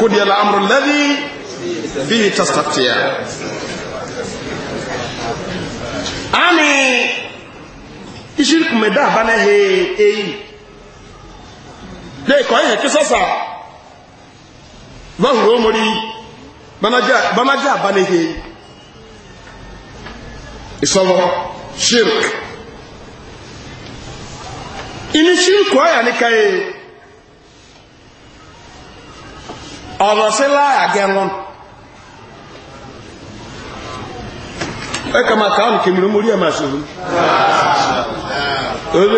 قضي الأمر الذي فيه تستفتيان أني إشرك مدى بنا هي إي ليه كوي هي كساسا ظهر أمري بنا جاء بنا جاء بنا هي إصابة شرك إني شرك ويا نكاي ọ̀rọ̀ sí láyà gẹ̀rún ẹka ma káwọn kèmìrì omori ẹ̀mà sí òun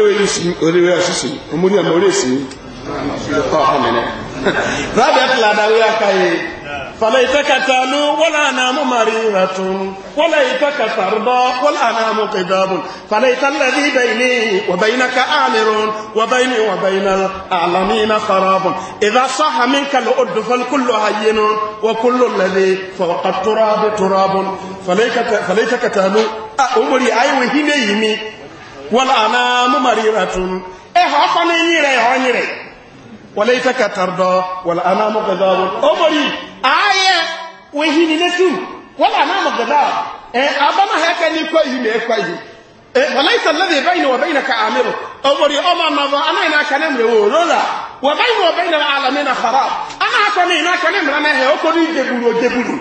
oríwẹ̀ ọ̀sísì omori ẹ̀mà orí èsì ọ̀hánmẹ́nẹ́ rábẹ̀tì ládàwí àkáyé فليتك تالو والأنام مريرة وليتك ترضى والأنام قداب فليت الذي بيني وبينك آمر وبيني وبين الأعلمين خراب إذا صح منك الأد فالكل هين وكل الذي فوق التراب تراب فليتك تالو أمري أيوه هنيمي والأنام مريرة إيه أخني نيري هنيري وليتك ترضى والأنام قداب أمري آه yìí ni létú wọ́n là náà mọ̀gbẹ̀dá ẹ̀ abámá hẹ́kẹ́ ní kọ́ yìí ní ẹ̀kọ́ yìí ẹ̀ wọ́lá ìsàlẹ̀ lè bẹ́yìn wọ̀ bẹ́yìn náà ka àmìrò ọmọdé ọmọ àmàbọ̀ anáyìn náà kẹ́lẹ́ mìíràn wò lọ́la wọ̀ bẹ́yìn wọ̀ bẹ́yìn náà alàmì náà fara anáàkọ́ ní iná kẹ́lẹ́ mìíràn náà hẹ́ ó kọ́ ní ìjẹ̀bùrù òjẹ̀bùrù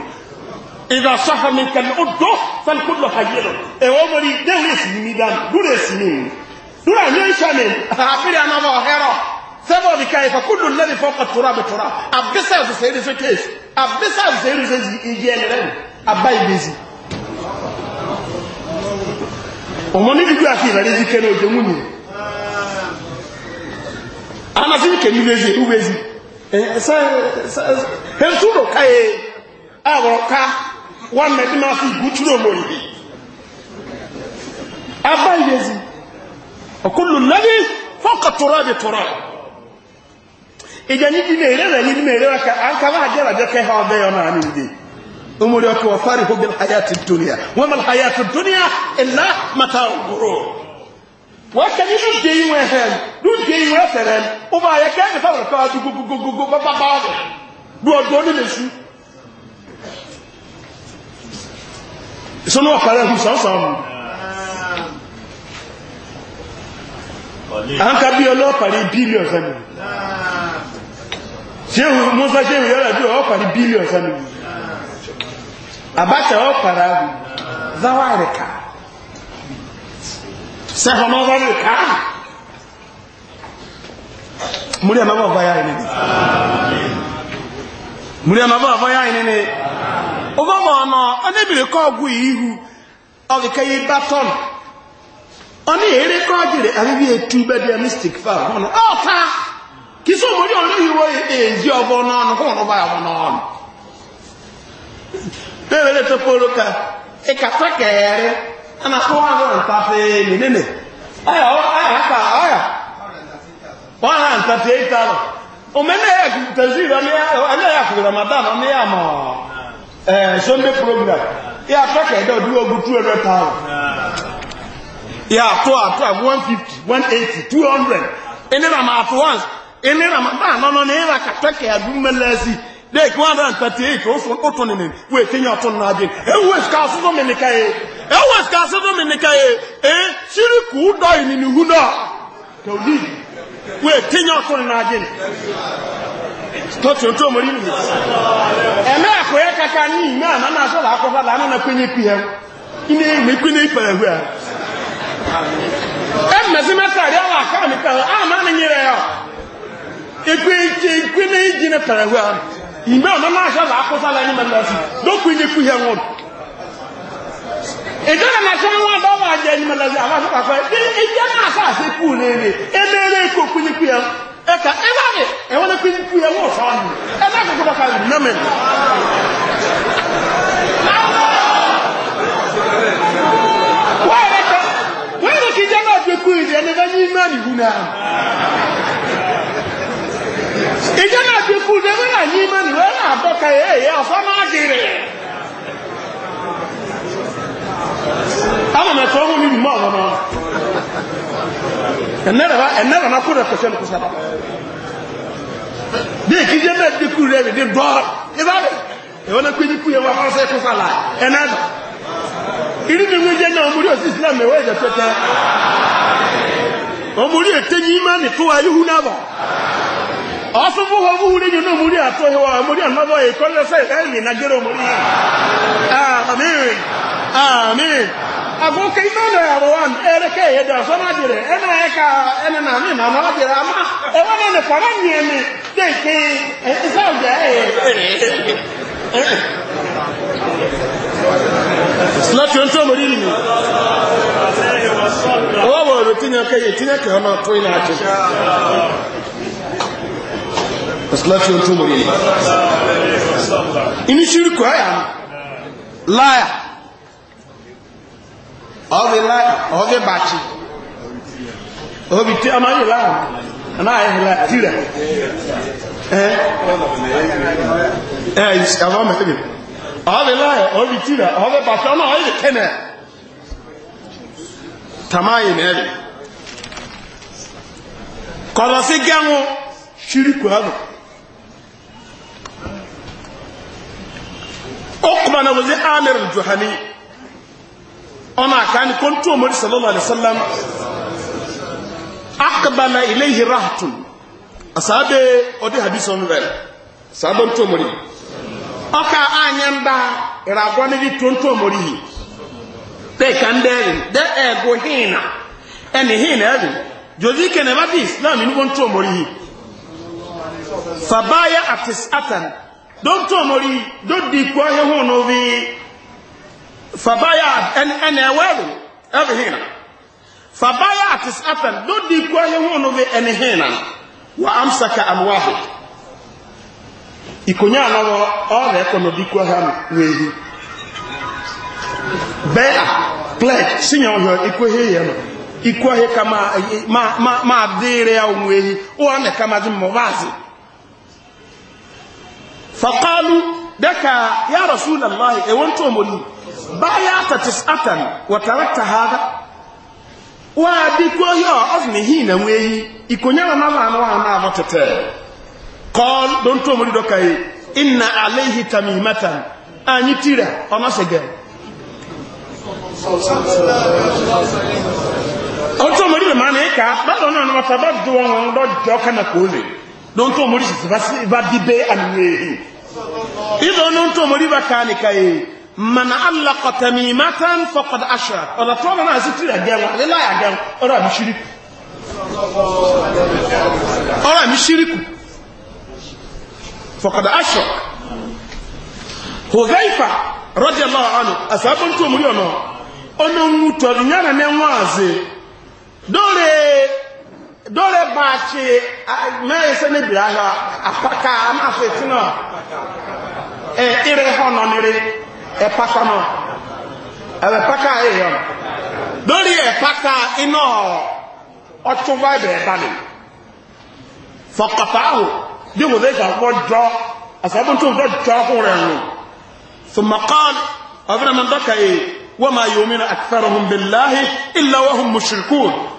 ìdá sọ́fà mi kẹ́lẹ́ ó dọ́ fẹ́lẹ́kúndọ̀ hajjẹ́rọ̀ ẹ̀ ọmọdé dẹ́wúrẹ́ sí mi dánù dúrẹ́ sí mi dúrẹ́ mi ń sẹ́mi àfírí anábọ̀ ọ̀hẹ́rọ̀ sẹ́bọ̀ bí káyẹ̀ fàkúlù lẹ́ni fọ́pọ̀ tura bẹ̀ tura àbísàzù sẹ́yìn fẹ́ kéèsì àbísàzù sẹ́yìn fẹ́ iye ẹni rẹ̀ àbá ìbèzì ọmọ ní gbígbé àti ìrẹ̀lẹ́ yìí kẹ́ni òjò mú nìyẹn anasi kẹ́ni bèzì ubèzì ẹ̀ẹ́sùrò káyẹ̀ àwọ̀ká wọn mẹ́tí máa fi gútúrò mọ̀ yìí àbá tura bẹ̀ tura ìjẹni bí mèrè rẹ̀ ní mèrè wákà àǹkàwà àjẹ́ràjẹ́ kẹha ọbẹ̀ ọ̀nà àmì ìdè umuri ọkọ̀ ọ̀fárí hóbi hayati duniya wọ́n mọ̀ hayati duniya ilá mata ògbòrò wọ́n kẹ́ ní dúdé yìí wọ́n hẹ́n dúdé yìí wọ́n fẹ̀rẹ̀ ó bá yẹ kẹ́ ẹ̀fẹ́ wọ́n kọ́ gbogbogbogbogbò bábá bá rẹ̀ bí ọdún ó nílé sú ìsọ́nà ọ̀fàrẹ́ hù sọ́sọ́ mu àǹkà bí ọlọ́pàá rí bílíọ̀ sehu musa sehu yọrọ bi ọ pari bilion sanu abacha ọ pari ahụ zawa rika sehu n'ọzọ rika múlẹ̀ máa bá ọ̀fọ́ yá ìnini múlẹ̀ máa bá ọ̀fọ́ yá na ọgbọ́ ọmọ ọ̀nà ọdẹ́bìnrin kọ́ ọgú ìhù ọ̀kẹ́kẹ́ yìí bá tọ́nù ọ ní èrè kọ́ ètú bẹ́ẹ̀ mystic fáwọn ọ̀tá kìsọ mọ̀rí ọ̀rẹ́ ìwọ èyí ọbọ náà kọ́ ọ̀nà báyà wọn náà nù bẹ́ẹ̀ lè tẹ́pọ̀ lóka ìkàtà kẹ̀ẹ́rẹ́ ẹ̀nà kọ́ wọn náà nta fẹ́ẹ́ lè nílẹ̀ ọ̀yà ọ̀yà ká ọ̀yà wọn náà nta tẹ́ ẹ̀ tà lọ ọmọ ẹ̀ náà tẹ̀sí rẹ ní ẹ̀ náà kò ramadan ní àmọ́ ẹ̀ sunday program yà tọ́ kẹ̀ẹ́dẹ́ ọdún ogun two hundred thousand yà àtọ́ àtọ́ one fifty one eighty two hundred ẹ̀ ní ini ramadan nọ na ịra ka teke adummelezi dek 138 o ụtụ wee tinye ọtụ na adị ewes ka asụsụ minika ye ewes ka asụsụ e. E, siri ka ụdọ inini hu nọ todi wee tinye ọtụ na adị tọ́tún tó mọ̀ ẹ̀mẹ́ ẹ̀kọ́ yẹ kaka ní ìmẹ́ ekwenche ikwene iji na tara hwe ahụ mgbe ọnọ na-ahịa na akwụsala anyị mandasi dokwu inye na na-achọ nwa ada ọwa aja anyị mandasi e e e ahụ asọkwa na-asa asa ekwu na-ere emere ekwu okwunye kwuhie ẹka ẹba ni ẹwọn ekwu ikwu yẹ wọn ọsọ ọnù ẹba akọkọ bàtà nàmẹ. wọ́n yẹrẹ kí náà fi kú ìdí ní imáàlì hu ìjẹ́ náà ti kú ní wẹ́rẹ́ ní ìmọ̀ ní wẹ́rẹ́ àtọ́ka ẹ̀yẹ ọ̀fọ́ máa gèrè ama mẹ́tọ́ ọ̀hún ní ìmọ̀ ọ̀rọ̀ náà ẹ̀nẹ́rẹ̀ náà kú rẹ̀ pẹ̀sẹ̀ ní kúsàdá bí i kíjẹ́ náà ti kú rẹ̀ ní dọ́ ìbáre ìwọ́n kú wọ́n ìrí mi jẹ́ náà ọmọ òsì islam ẹ̀wọ́ ọsọ fún wọn fún wúlé múrí àtọ́ múrí àmọ́bọ̀ ìkọ́lẹ́sẹ̀ ẹ̀mì nàgẹ́rọ múrí àmín àmín agoke iná lọ ẹ̀rẹ́kẹ́ ìyẹ́dẹ̀ ọ̀sọ́nàdìrẹ̀ ẹ̀nà ẹ̀ka ẹ̀nà nàmì nàmọ́dìrẹ̀ àmà masalati on tumori ne ini shirku haya laya obi laya obi bachi obi ti ama yi laya ana ayi laya tira eh eh iskava mebi obi laya obi tira obi bachi ana ayi kene tamayi mebi kọlọsí gẹ́wọ́n ṣíríkù ẹ̀rùn ọkùnrin náà amir juhani ọ̀nà àkáni kó ń sallallahu alaihi sallam akabala iléyìí rahatun asáde ọdẹ hadith ọ̀nà rẹ̀ sábà ń tó mọ́rí anyamba ìràgọ́ níbi tó ń tó mọ́rí yìí bẹ́ẹ̀ kan dẹ́rin dẹ́ ẹ̀gọ́ hìnà ẹni islam dókítà mori dódi ikú ahịa hụ n'obi fabaya ẹna ẹwẹrù ẹbí hìn na fabaya àti satan dódi ikú ahịa hụ n'obi ẹni hìn na wa amsaka amuwahu ìkònyà anọrọ ọrịa ẹkọ n'obi ikú ahịa n'ehi bẹẹ plẹk sinya ọhịa ikú ahịa yẹ no ikú ahịa kama ma ma ma adịrị ya onwe ehi ụwa na kama dị mmụọ baazị. فقالوا دك يا رسول الله اونت امري بايعت تسعه وتركت هذا وادكو يا اظني هنا وي يكونيا ما ما ما ما قال دونت امري دك ان عليه تميمه اني تيرا اما سجل ọjọ́ mọ̀rí rẹ̀ máa ní ẹ̀ka báwọn náà wọ́n tàbá dùn wọn lọ́jọ́ kánà kò lè lóńtọ́ mọ̀rí sì bá dìbẹ́ àmì èyí ìdọ̀ ní tó mọ̀rí bá káàkà yìí mana alakọtami matan fọkọdà aṣọ ọ̀dọ̀ tó wọn náà sí tìrì àgẹ̀wò àlélá àgẹ̀wò ọ̀rọ̀ àmì ṣíríkù ọ̀rọ̀ àmì ṣíríkù fọkọdà aṣọ hùzẹ́ifà rọ́jẹ̀ lọ́wọ́ ọ̀nà àṣàbọ̀ tó mọ̀rí ọ̀nà ọ̀nà ń tọ̀rọ̀ yára ní wọ́n àzè dóòrè dole ba ce mai sani bira ha a faka a mafi suna e ire hono nire e paka no e, e, e paka e yon dole e paka ino ọtụba ebe ebe ni fọkọta ahụ dị wụde ka ọgbọ jọ asabun tún gbọ jọ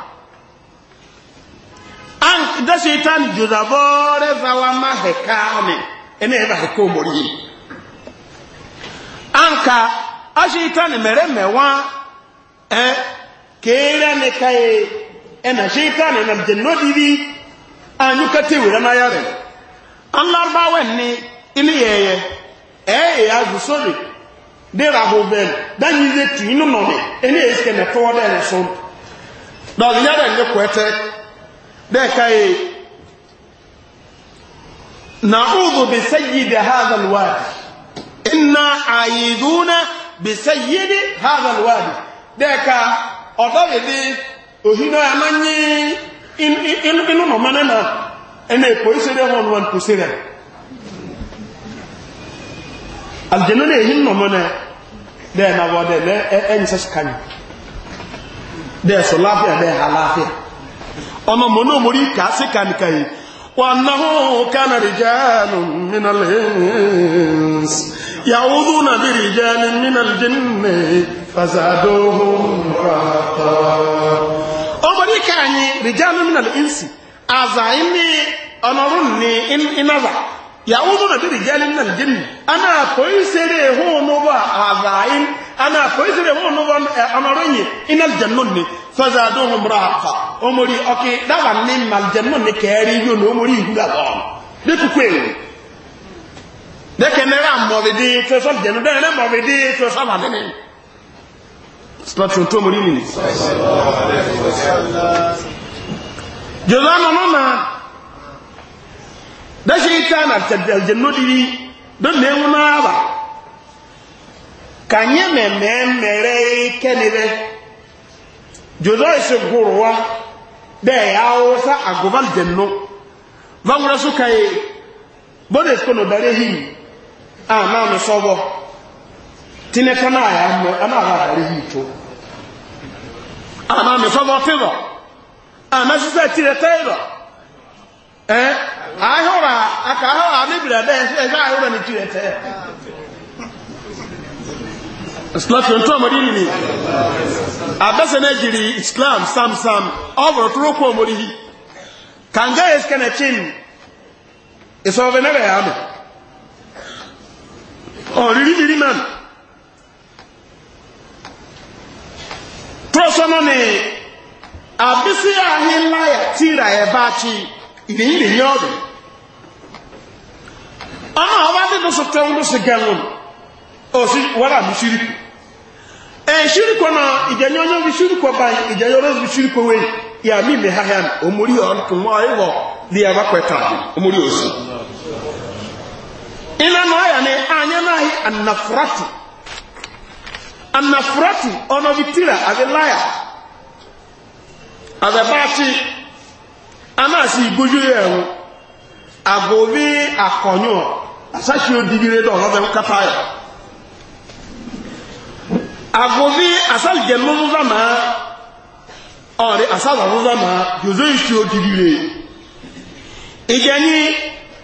an da shaitan juzabore zawa ma hekame ene ba heko mori an ka a shaitan mere mewa eh kera ne kai ena shaitan na jinno dibi an yuka tewira na yare allah ba wenni ili yeye eh ya e, gusori de rahu ben dan yize ti inu no ne ene eske ne fo da ne so do yare ne kwete dẹ́ka yìí nàúdù bí sẹ́yìdì hagalwadi iná àyìdúnà bí sẹ́yìdì hagalwadi dẹ́ka ọ̀dọ́ ìdí òhìnà amáyí inú mọ̀mọ́ nínà ẹni èkó ìṣẹ́rẹ́ wọn wọn kò sí rẹ̀ aljẹ́nà ní èyí mọ̀mọ́ náà dẹ́ẹ̀ na wọ́dẹ̀ lẹ́ ọmọ mọ̀nà mórí kàásí kàníkàyè وأنه كان رجال من الإنس يعوذون برجال من الجن فزادوهم رهقا أمري كاني رجال من الإنس أزعيني أنرني إن إنذا يعوذون برجال من الجن أنا كويسري هو نبا أزعيني ana koisi re wono wan amaronyi inal jannon ni fazaduhum rahaqa omori oki dawa ni mal jannon ni keri yo no omori hula gon de ku kwen ne kenera mo be di to sol jannon de ne be di to sama ni slatun to omori ni sallallahu alaihi wasallam jozana mama da shaytan al don ne wona ba ka anyị mmemme mmere kenebe jodois gwụrụwa dee ya awụsa agụbal jenno vangwara su ka yi e, bode skono dare him a na mu sọbọ tine kana ya mu ana ara dare him to a na mu sọbọ fịrọ a na sisa tire tẹrọ ẹ ahụra aka ahụra mebiri ebe ẹ ahụra na tire tẹrọ islam tó ń tó ọmọdé nìyí abẹ́sẹ̀ náà jìrì islam samsam ọ̀bùrù tó rókò ọmọdé yìí kànga yẹn sikẹ́ náà kyin náà rẹ̀ yà ọ̀rírí nìyí mọ̀ tó sọ́nà ni abisi ahin laya tira ebachi ini ini nyodo ana awade do so tawu do se ganun o oh, si wala mushiriku ẹ̀ṣírìkọ́ náà ìjẹ̀yọ́ yóò fi báyìí ìjẹ̀yọ́ ló fi wé yà mí ha hàn omori ọ̀túnmọ́ ẹ̀wọ̀ ní ẹ̀bá pẹ̀ta omori òsì. iná náà ni anya náà yí anafuratu anafuratu ọ̀nà bi tira àbí láyà àbẹ̀ bá anáàsì ìgbójú yẹ̀ ẹ̀rọ àkọ́nyọ̀ òdìgírẹ́dọ̀ bẹ́ẹ̀ ń agobi asalijɛnu nzama ɔre asaba nzama yozo isi odibire ìjẹni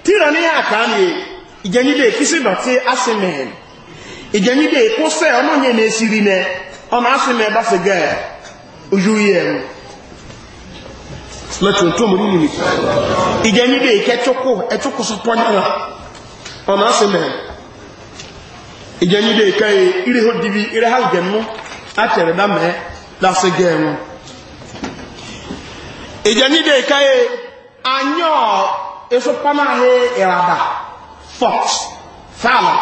tìrani àkànni ìjẹni de kisi dɔte asimɛ ìjẹni de kosɛ ɔmɔ nyɛ n'esiri nɛ ɔmɔ asimɛ basi gɛ ojú yɛ mu lẹtùn tó mú nínú ìjẹni de kẹtsoko ɛtsoko sọpɔ nyɛ ɔmɔ asimɛ ìjẹni dé ìkẹyẹ ìrìhò dìbí ìrìhà ìjẹmú àtẹ̀rẹ̀dámẹ́ lásì gẹ̀ẹ́rùn ìjẹni dé ìkẹyẹ anyọ́ èso pánáhé ìràdà fort fàlà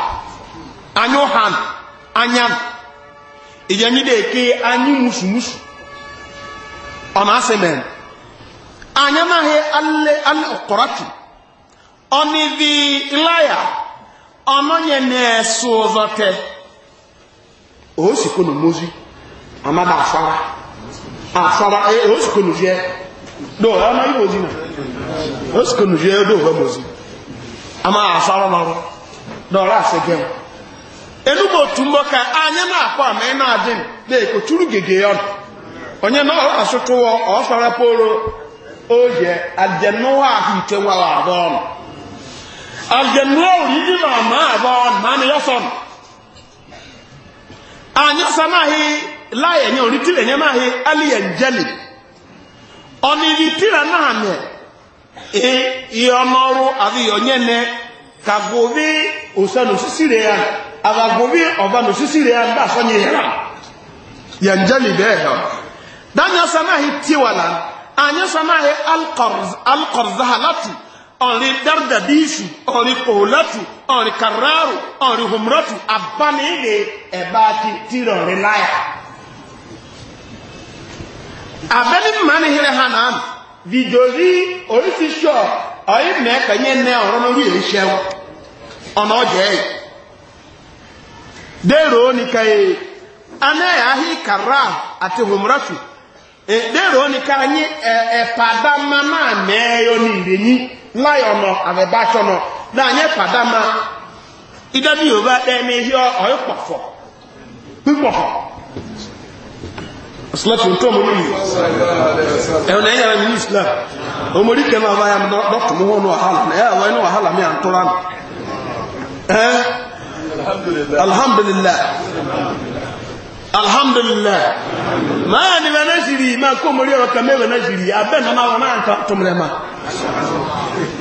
anyọ́ han anyam ìjẹni dé ìkẹyẹ anyí mùsùmùsù ọ̀nà asẹ̀mẹ̀ anyamáhé alẹ́ alẹ́ ọ̀kọ̀rọ̀tù ọ̀nìdí iláyà ọmọnyẹ na ọzọtẹ òsìkò nà mọ́sí ọmọdé àfara àfara ẹ òsìkò nà jẹ dò ọmọ yìí mọ́sí nà òsìkò nà jẹ dò ọmọ mọ́sí ọmọ àfara nà ọrọ dọ̀rọ̀ àṣẹ gẹ́wọ̀n enugbo otu mbọ um ka anyị ah, na-akpọ ama ị na-adị na-eko churu gege ya ọnụ onye na ọrụ asụtụwọ ọfara poro oye adịnụwa ahụ ikewawa abụọ ọnụ aljanna oriji ma ma ba ma ne yason anya samahi la ye ni oritile ni ma he ali anjali oni vitira na me e yonoru abi yonyene kagobi osanu sisire ya agagobi obanu sisire ya ba so ni ya yanjali be ha danya samahi tiwala anya samahi alqarz alqarzahalatu ọ̀rin dárdàdíṣù ọ̀rin kòólátù ọ̀rin kàráàrù ọ̀rin homrọ́tù àbániire ẹ̀bá ti tìrọ̀ rí láyà. abẹ́ni mmanu hìrẹ̀ ha nà án bìjòrí oríṣi sọ ọ̀yìn mẹ́kànnì ọ̀rọ̀ náà ṣẹ́ wọn ọ̀nà dèrò yìí àti dèrò yìí ní ìrẹ̀yìn. láyọ̀ ọ̀nà àbẹ̀báṣọ nọ náà nyẹ́ pàdámà ìdọ́bí yorùbá dẹ́ ní ihe ọ̀yọ́ pọ̀fọ̀ pípọ̀fọ̀ ọ̀sùlọ́tì tó mú nínú ẹ̀wọ̀n ẹ̀yà rẹ̀ nínú islam omori kẹma ọba ya dọ́kù mú hàn wàhálà ẹ̀yà wọ́n inú wàhálà mi à ń tọ́ra nù ẹ́ alhamdulillah alhamdulillah máa ní bẹ́ẹ̀ náà ṣì rí máa kó omori ọ̀rọ̀ kan mẹ́wẹ̀ẹ́ náà ṣì rí abẹ́ nà máa wọ́n náà tó mú rẹ̀ máa.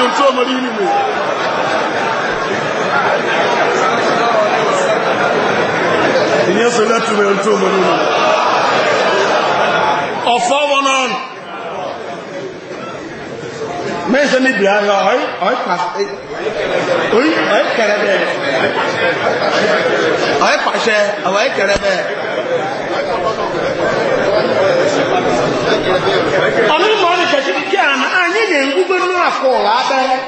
tó ń tó ọmọ rí nínú ìyẹn sọ láti rẹ̀ ń tó ọmọ nínú ọ̀fọ́ wọn náà mẹ́sẹ̀ níbi ara ọ̀ẹ́pàṣẹ àwọn ẹ̀kẹ̀rẹ̀bẹ̀ ọ̀nà ìmọ̀ ọ̀nà ẹni lè rúgbé ní àkọọ̀rọ̀ abẹ́rẹ́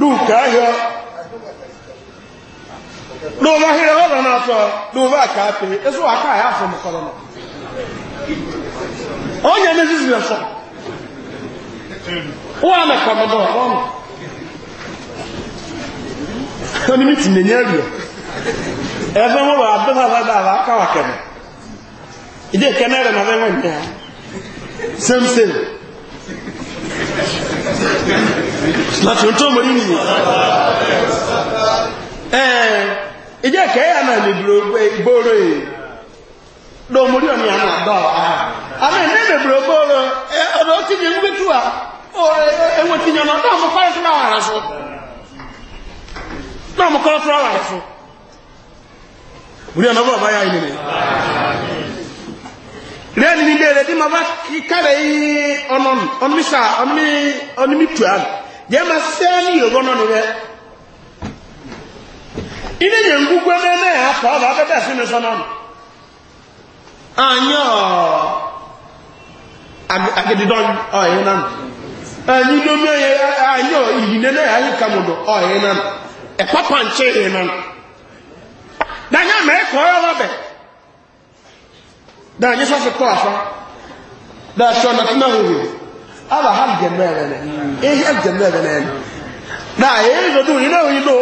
lùkà yọ lùmọ̀ hìrẹ̀ ọ̀rọ̀ náà tọ́ lùmọ̀ àkà pé ẹsùn àkà àyà fún kọlọ̀ náà onye mezi rẹ̀ sọ wọ́n àmì kọmọdọ̀ ọ̀rọ̀nù oní mi ti nìyẹ rẹ̀ ẹ̀fẹ́ wọn wà abẹ́fà sábà àkàwà kẹmẹ ìdí ìkẹmẹ rẹ̀ nàbẹ́ wọn ìdí ha same same láti ohun tó mọ̀ nínú ẹ̀ẹ́ ìjẹ́ kẹ́yà náà lè dúró gbóòrò èyí ló mórí ọ̀nà àwọn àgbà àmì ìlẹ́bẹ̀ dúró gbóòrò ọ̀dọ̀ tí ní ẹgbẹ́ túwà ẹwọ tí ní ọ̀nà kọ́rọ̀ lẹ́yìn ní bẹ́ẹ̀rẹ̀ bí ma bá kárẹ̀ yìí ọ̀nà ọ̀nìmísà ọ̀nìmítù àná ma sẹ́ẹ̀ ní náà ni ilé yẹn ń gbogbo ẹgbẹ́ náà yà kọ́ ọ̀bà abẹ́bẹ́ sí mi sọ́nà na agididọ́n ọ̀yẹ́ náà nù. àyìn lómi ọ̀yẹ́ ìyìnlẹ̀ náà yà da nye sɔfo tɔ afa da sɔ na tena hoho ala ha jɛmɛ yɛrɛ nɛ ehi jɛmɛ yɛrɛ nɛ na eyi do do yina oyi do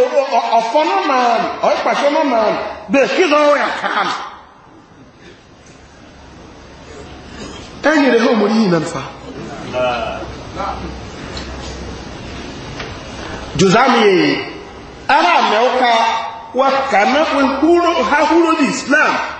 ɔfɔ no man ɔyi kpasɛ no man de si do islam.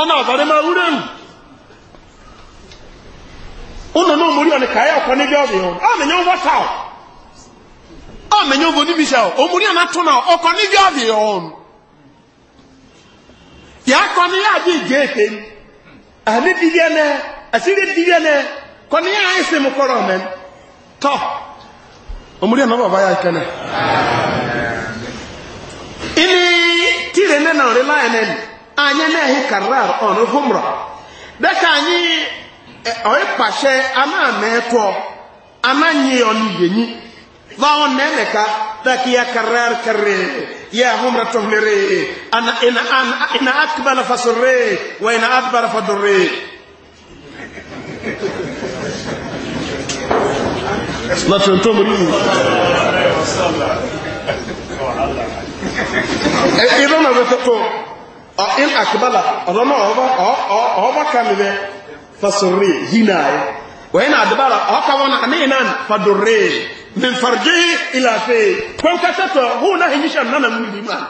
ọmọ àbọ̀dé máa wúrẹ́ nù ọ̀nà náà mórí ọ̀nà kàáyà ọ̀kọ́ níbi ọ̀bẹ̀ wọn ọ̀mẹ̀yẹ ń wọ́ta ọ̀ ọ̀mẹ̀yẹ ń bọ̀dí bíṣẹ̀ ọ̀ mórí ọ̀nà tó náà ọkọ̀ níbi ọ̀bẹ̀ wọn yàá kọ́ ní yàgbé ìjẹ́ èké àní dìbí ẹnẹ àṣírí dìbí ẹnẹ kọ́ ní yàrá ẹsẹ̀ mu kọ́rọ̀ mẹ́ tọ́ ọmọdé ọ̀nà bàbá yà kẹ́nẹ̀ ìní tìrẹ̀ nẹ́nà rẹ̀ láyẹ̀ nẹ́nì anyị na-ehi karar ọnụ humra dịka anyị ọịkpashe ama metụọ ama nye ọnụyenyi lọọ na-emeka dịka ya karar karịrị ya humra tụmlere ina akbala fasore wa ina adbara fadore láti ọ̀tọ́ mọ̀ in akibala ọ̀rọ̀ náà ọ̀ọ́bá kàmìlẹ̀ fasorẹ̀ yìnà ẹ̀ wọ́n yìí na àdìbára ọ̀ọ́ka wọn náà níyìn náà fadorẹ̀ mẹ́fàrjì ìlàfẹ́ pẹ́ńkátẹ́tọ̀ hùn náà yìí ṣe nánà mú ìdí máa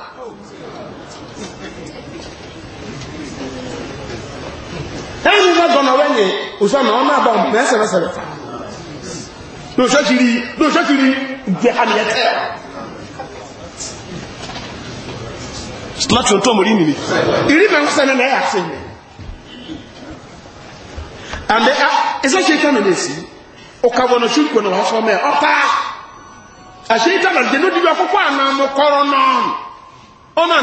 ẹni bá dọ̀nà wẹ́nyẹ òṣùwọ̀n ọ̀nà àbọ̀ mẹ́sẹ̀rẹ̀sẹ̀rẹ̀ lóṣẹ́ kiri lóṣẹ́ kiri jẹ́ àníyẹ́tẹ́ láti ọ̀tọ́ mọ̀rí nìmi ìrí mẹ́rin sẹ́nẹ̀ náà yà sí and the are ẹsẹ́ ṣe ìtànà lè sí ọkà wọn ṣú ìpò náà wọ́n sọ mẹ́ ọ̀pá àṣẹ ìtànà jẹ́ lójú ọkọ̀kọ́ àná mọ́ kọ́rọ̀ náà ọ̀nà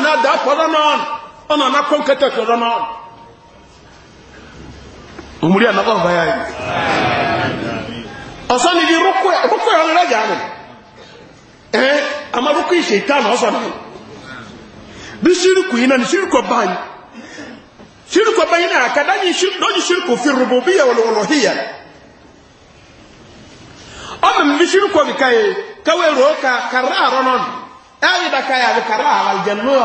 àná dá ni bí rúkú ẹ̀ ọ̀nà rẹ̀ jà ní ẹ̀ àmọ́ rúkú bí ṣírùkù yìí náà ni ṣírùkù ọba yìí ṣírùkù ọba yìí náà kàdá ní lọ́jì ṣírùkù fi rúbọ bí yẹwọlọwọlọ híyà ọmọ mi bí ṣírùkù ọbì káyé káwé rò ká kàrà àrọ náà ẹ̀yìn dà káyà àbí kàrà àwàlìjẹ̀n náà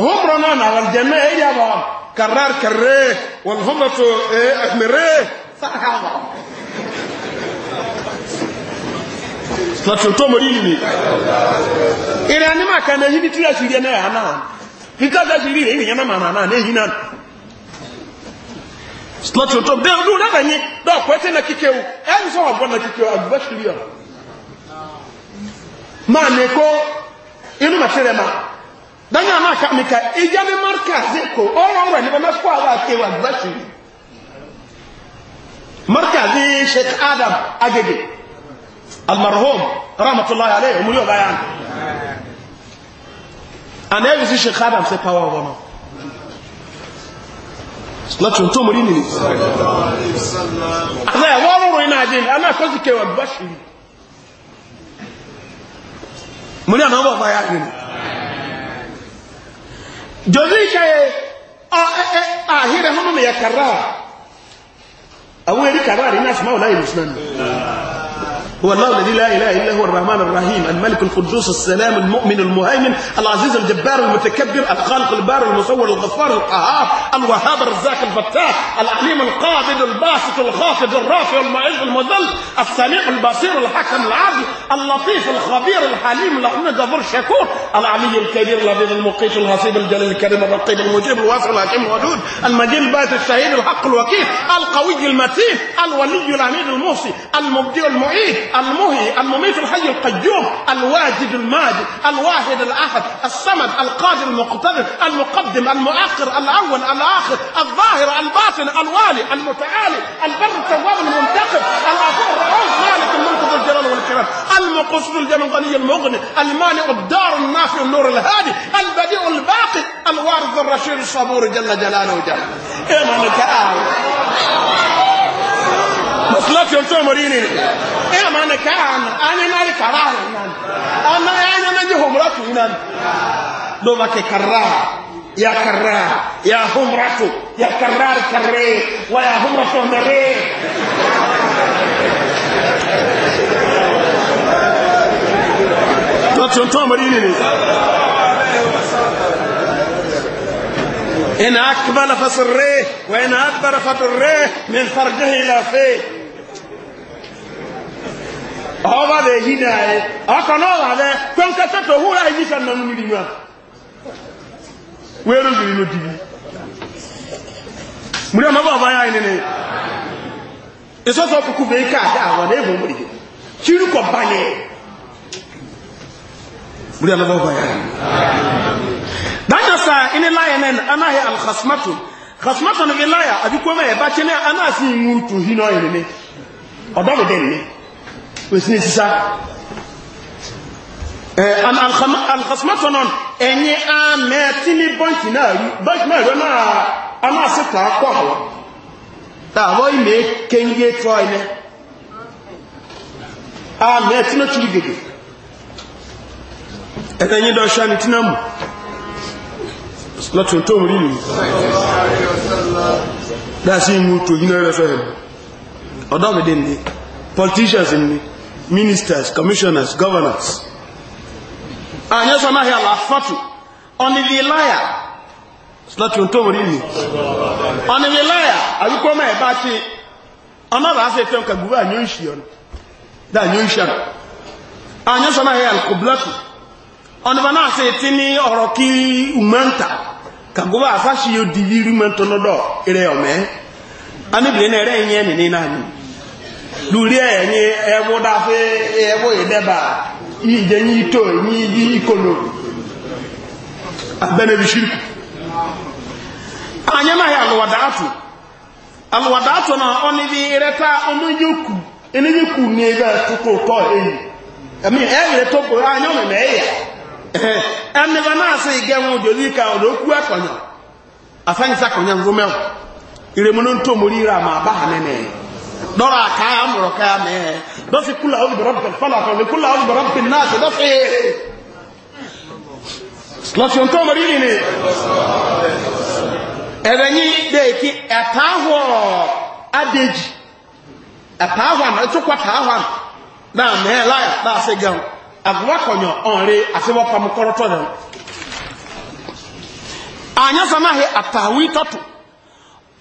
òhun rọ náà nà àwàlìjẹ̀n náà ẹ̀yà bọ̀ kàrà kàrẹ́ wọ̀lùhùmọ̀tò ẹ̀ẹ́dẹ̀mẹ̀rẹ́ láti tó mọ̀ nínú ìrìn ànímà kan náà yíbi túrẹ̀ sírí ẹ̀nà ẹ̀hà náà nígbà tó sírí rẹ̀ ìrìn àmà náà ní ìhìnà láti tó bẹ́ẹ̀ olú náà bẹ̀yìn dọ́ọ̀kọ́ ẹ̀tẹ́ na kíkẹ́ o ẹ̀rù sọ́wọ́ bọ́ na kíkẹ́ o àgbẹ̀ sírí ọ̀ máa ní kó inú màtí rẹ̀ ma dáná àmà ká mi ka ìjà ní márkà sí kò ọ̀rọ̀ ọ̀rọ̀ nípa mẹ́fọ́ àwọn àkẹwà àgbẹ̀ sírí márkà sheikh adam agege المرحوم رحمة الله عليه ومليو بيان أنا يوزي شيخ آدم سيباوا وغنو لكن تو مريني أنا والو روينا جين أنا كوزي كي وبشي مريا نوبا بيان جوزي شيء آهير هنو يكرار أولي كرار الناس ما ولا يمسنن هو الله الذي لا إله إلا هو الرحمن الرحيم الملك القدوس السلام المؤمن المهيمن العزيز الجبار المتكبر الخالق البار المصور الغفار القهار الوهاب الرزاق الفتاح العليم القابض الباسط الخافض الرافع المعز المذل السميع البصير الحكم العدل اللطيف الخبير الحليم الاحمد الغفور الشكور العلي الكبير اللذيذ المقيت الغصيب الجليل الكريم الرقيب المجيب الواسع الحكيم الودود المجيد البائس الشهيد الحق الوكيل القوي المتين الولي العميد الموصي المبدئ المعيد المهي المميت الحي القيوم الواجد الماجد الواحد الأحد الصمد القادر المقتدر المقدم المؤخر الأول الآخر الظاهر الباطن الوالي المتعالي البر التواب المنتقم الغفور الرؤوف مالك المنتظر الجلال والكرام المقصد الجمع الغني المغني المانع الدار النافع النور الهادي البديع الباقي الوارث الرشيد الصبور جل جلاله جل إيمانك آية مسلط يمسو مريني إيه ما نكاعنا أنا ناري كراه أما أنا من دي همرات ونان لو ماكي كراه يا كراه يا همرات يا كراه كراه ويا همرات ومريه مسلط يمسو مريني إن أكبر فصره وإن أكبر فطره من فرجه إلى فيه ọba bẹ ehi na yi ọkọ náà wà bẹ ka sẹtọ òhúra yìí nífẹẹ nínú níbi wa wẹẹrẹ yìí ló dìbò múlẹ ọmọ bàbá yà ni ni ìsọsọ kúkú bẹ ká àdá àwọn ẹ hùwù rẹ kiri kọ bani múlẹ ọmọ bàbá yà ni. dájọ sá ẹni láyé nẹ́ni anáhẹ alhasmatu hasmatu ni wesine sisa alhasmatɔ nɔ ɛnyɛ amɛ tí ní bọ́ǹkì náà rí bọ́ǹkì na rí náà a máa sí tàá kọ́ àwọ̀ tààwọ̀ ìmẹ̀ kéńgé tọ́ ilẹ̀ amɛ tí ní tìrì gègè ẹ̀tẹ́ yín dọ́ṣẹ́ ni tí náà mú lọ́tún tó rí nìyí dáa sí ìmú tòyí náà rẹ̀ fẹ́ ọ̀dọ́ mi dé ní politicians ni ministers commissioners governors àyẹ́sọ náà yà láfàtù ọ̀nìlélàyà slọ́tí ohun tó wọ́n rí ni ọ̀nìlélàyà àyíkọ́ mẹ́ bá ti ọmọ́bà á sì fẹ́ kàgbúwà ní oṣù yọ̀nà dá ní oṣù yọ̀nà àyẹ́sọ náà yà kòbúlọ́tù ọ̀nìbà náà sì ti ní ọ̀rọ̀ kí umanta kàgbúwà àfáṣiyò dìbí rí mẹ́ntọ́nọ́dọ̀ eré ọ̀mẹ́ anábìlẹ̀ náà rẹ̀ yẹn nìní náà nìyí lórí ẹ̀yìn ẹwọ́ dáfẹ́ ẹwọ́ ìdẹ́bà ìjẹyìn ìtò ní ìkòlò abẹ́nẹ̀bí ṣírkù anyị amaghị alụwadatu alụwadatu na ọnịdị ireta ọnụyekwu enyekwu n'ebe tụtụ ụtọ eyi emi eyere e togo anya ọnụ eya ẹnìbẹ náà sì gẹ́wọ́n òjòlí ka ọ̀dọ̀ okú ẹ̀kọ̀nyà afẹ́yìntà kọ̀nyà nzọmẹ́wọ̀ ìrèmọ́nà tó mórí ra mà bá dọ́rọ̀ àkáyà mọ̀rọ̀ káyà mẹ́ẹ̀ lọ́sí kúlà ọ́dún bẹ̀rọ̀ bẹ̀rẹ̀ fọ́làkọ̀ lè kúlà ọ́dún bẹ̀rọ̀ bẹ̀rẹ̀ náà Ebe lọ́sí lọ́sí ohun tó mọ̀ rírì ni ẹ̀rẹ̀ yín dèkí ẹ̀tàhọ̀ adéjì ẹ̀tàhọ̀ àná ètò kọ́ tàhọ̀ àná náà mẹ́ẹ̀ láyà náà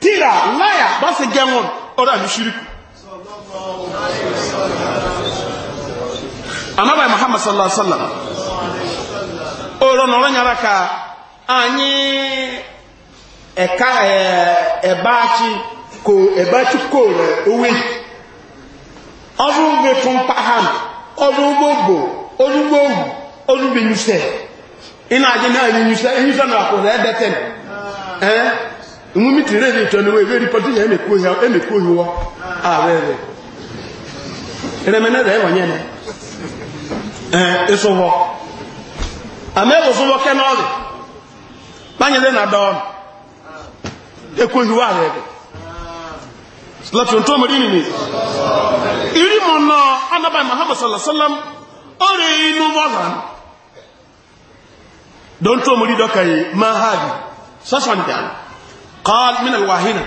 tira laya bá sì ọrụ wọn ọ̀rọ̀ àbí ṣíríkù muhammad sallallahu alaihi wasallam nyara ka anyị ẹ̀ka ẹ̀báàchi kò ẹ̀báàchi kò rẹ̀ owó ọdún gbé fún paham ugbo ị na-adị na-anyụ nyusẹ na-akwụsị ebe tem ìwú mi tìrẹ́ ní ìtọ́ níwọ̀ ìwé rìpọ́tì yẹn èmèkú òyìnwó ààrẹ rẹ̀ ìrẹ̀mẹ́nẹ́ rẹ̀ wọ̀nyẹ́ ni ẹ̀ ìṣòwò àmẹ́wò sọ́wọ́ kẹ́nọ́ọ̀lì báyìí náà dọ́ọ̀nù èkó òyìnwó ààrẹ rẹ̀ látún tó mọ̀ nínú ìrìmọ̀ náà anábàá muhammad sallallahu ọ̀rẹ́ inú wọ́n don tó mọ̀ rí dọ́kà yìí máa hàbì sọ́sọ̀ nìyàwó قال من الواهنة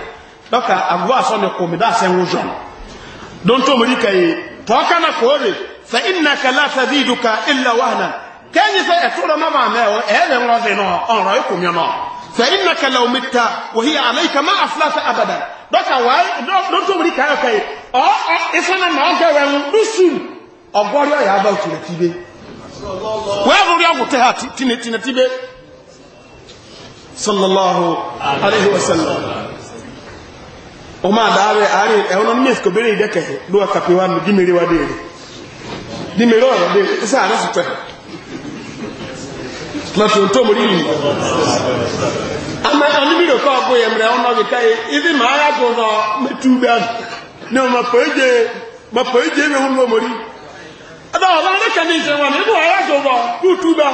دوكا أبوا صنع قومي دا سنوجون دون تومري كي توكنا كوري فإنك لا تزيدك إلا وهنا كان يسأل ما معناه هذا رزينا أن رأيكم ينا فإنك لو مت وهي عليك ما أفلس أبدا دوكا واي دون تومري كي كي أو إسانا ما أنك وين رسول أبوا يا أبوا تنتيبي وين رأيكم تهاتي تنتيبي صلى الله عليه وسلم وما دعوة عاري أنا نيف كبيري دكه دوا كبيوان دميري وديري دميري وديري إسا أنا سبته ما تنتو مريني أما أنا بيرو كابو يمري أنا بكاي إذا ما يكونا متوبان نو ما بيجي ما بيجي مهون مري أنا أنا كنيسة وانا نو أنا كونا متوبان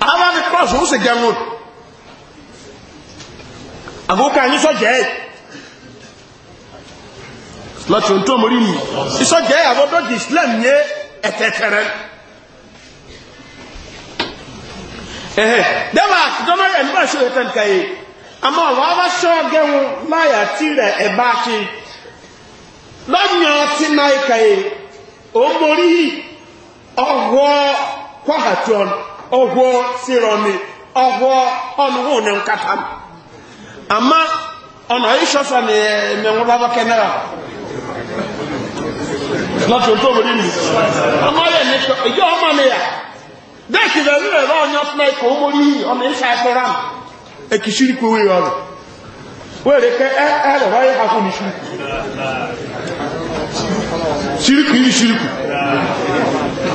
aba ni cross e o se jẹun o àgùkà yín sọ di islam nye ẹtẹtẹrẹ ẹhẹ dẹwà àtijọba yẹ nígbà ṣe òyìnbó nǹkan yìí àmọ àwọn abáṣọ gẹwọn láyà tí rẹ ẹ bá ṣe lọ́nyà tí náà ọgwọ sironi ọgwọ ọnụhụ ne nkata ama ọnụ ịshọsa na mmenwụrụ abaka nara lọtụ ntọ obodo imi ọmọ ya n'ịkọ ịdị ọma na ya deki bụ ebe ebe onye ọsọ ụmụ n'ihi ọ ịsa akpọrọ m ekishiri kwewe ya ọrụ were ke ẹ eh, ẹ eh, rẹ wáyé kakọ ní shiriku shiriku yìí shiriku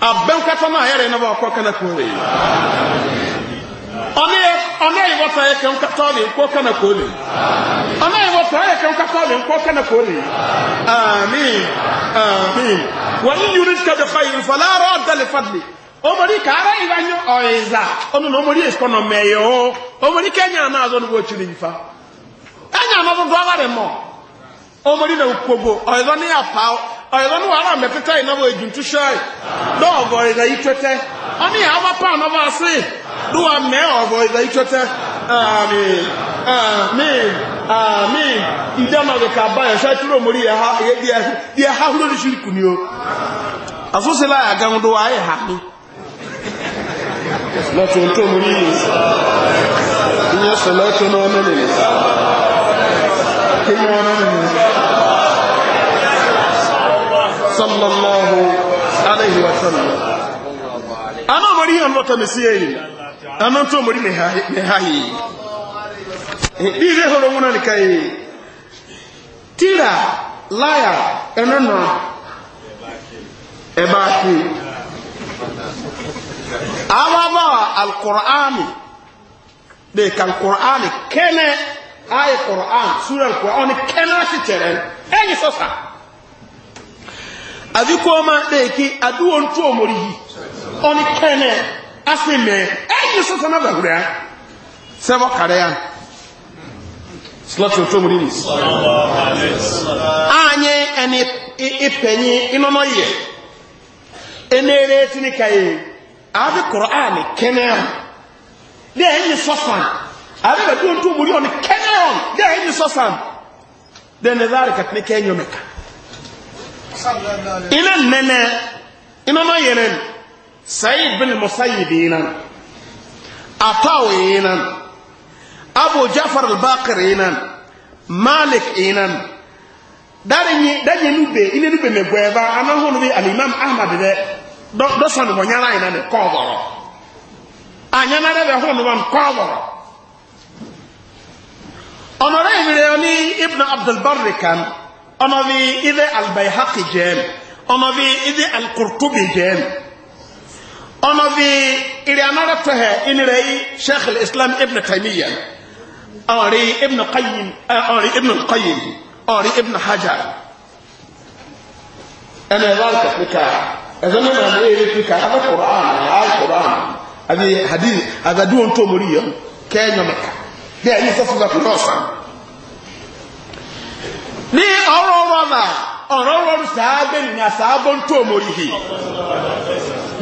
abɛn kata na ayɛrɛ na ba ɔkɔ kana kore ɔne ɔne yi wɔta yɛ kɛn kata ɔne nkɔ kana kore ɔne yi wɔta yɛ kɛn kata ɔne nkɔ kana kore amin amin Wani yuri kabe fayin falaara ɔdali fadli omori kaara yi ba nye ɔyiza ɔno na omori esikɔ na mɛyɛ o omori kɛnyɛ na azɔ ni wɔ ekyiri nfa ɛnyɛ na ɔdodo awa de mɔ omori na okpogo ɔyiza ni yɛ ọ̀yọ̀dọ́ ní wàhálà mẹ́tẹ́tẹ́ ìnáwó ejùntú ṣáì lọ́ọ̀gọ̀ ìdá ìtẹ́tẹ́ wọ́n ní àwọn pa àná bá sí lúwa mẹ́ ọ̀gọ̀ ìdá ìtẹ́tẹ́ àmín àmín àmín ìdámàgbèkà báyọ̀ ṣáì tí ló mórí di ẹ̀há lórí ṣìrìkù ni o àfúnṣe láyà gan do ayé ha mi lọ́tún tó mórí yìí ìyẹn sọ̀lọ́tún náà mẹ́rin kí ni wọ́n mẹ́rin sallallahu alaihi wa sallam ana mari yan lota mi si yi ana to mari me hahi di re horo muna ni kai tira laya enana ebaki awaba alqur'ani de kan qur'ani kene ay qur'an sura alqur'ani kene si teren enyi sosa azikoma deki aduwo ntu omori yi oni kene asime eyi eh, so sana bahura sebo kareya slatu to muri ni anye eni ipenyi inono ye enere tini kai abi qur'an kene de eyi eh, so san abi aduwo ntu omori oni kene on de eyi eh, so san de ne zalika tini kenyo meka ina nene ina no yenen sa'id bin musayyib ina ataw ina abu jafar al-baqir ina malik ina darenye danye nube ina nube megweba anaho no bi al-imam ahmad de do do sanu bonyara ina ne koboro anyana de ho no ban koboro onore ibire oni ibn abdul barri أما في إذا البيحق جيم أما في إذا القرطب جيم أما في إذا أنا رفتها إن رأي شيخ الإسلام ابن تيمية أري ابن قيم أري ابن القيم أري ابن حجر أنا ذلك فكا إذا ما أنا إيه فكا هذا القرآن هذا القرآن هذه حديث هذا دون تومريا كأنه مكة يعني سفر القرآن ní ọ̀rọ̀ rọ́bà ọ̀rọ̀ rọ́rù sàábẹ̀ ní àsàábọ̀ tó mórí hì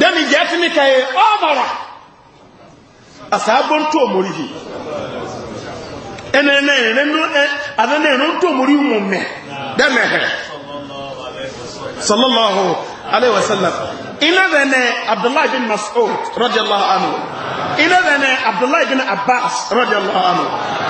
dẹ́mi jẹ́ tí ní kẹyẹ ọ́bàrà àsàábọ̀ tó mórí hì ẹnẹ́nẹ́ ẹ̀rọ tó mórí mú mẹ́ dẹ́mẹ̀ sallallahu alaihi wasallam ina zane eh, abdullahi bin mas'ud radiyallahu anhu ina zane eh, abdullahi bin abbas radiyallahu anhu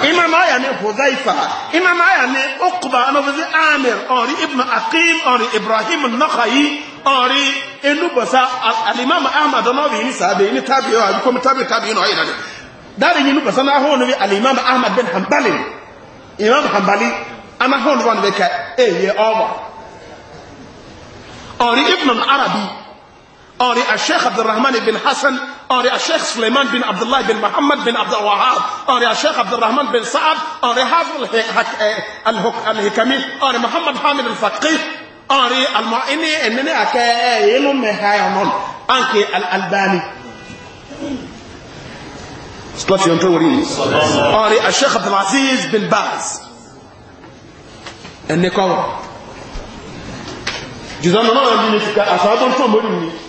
ina ma ya ne huzaifa ina ma ya ne uqba ana bi amir ori ibnu aqim ori ibrahim an-nakhai ori enubosa al-imam ahmad ono bi ni sabe ni tabi'o abi ko tabi tabi no ayina dari ni nubosa na ho no bi al-imam ahmad bin hanbali imam hanbali ana ho no bi ka eye eh, oba ori ibnu arabi أري الشيخ عبد الرحمن بن حسن أري الشيخ سليمان بن عبد الله بن محمد بن عبد الوهاب أري الشيخ عبد الرحمن بن سعد أري حافظ الهكمي أري محمد حامد الفقيه أري المعيني إنني أكايل مهايمون أمم. انكي الألباني صلاتي أنت وريني أري الشيخ عبد العزيز بن باز أنك أول الله الله أنني أصابا فمرني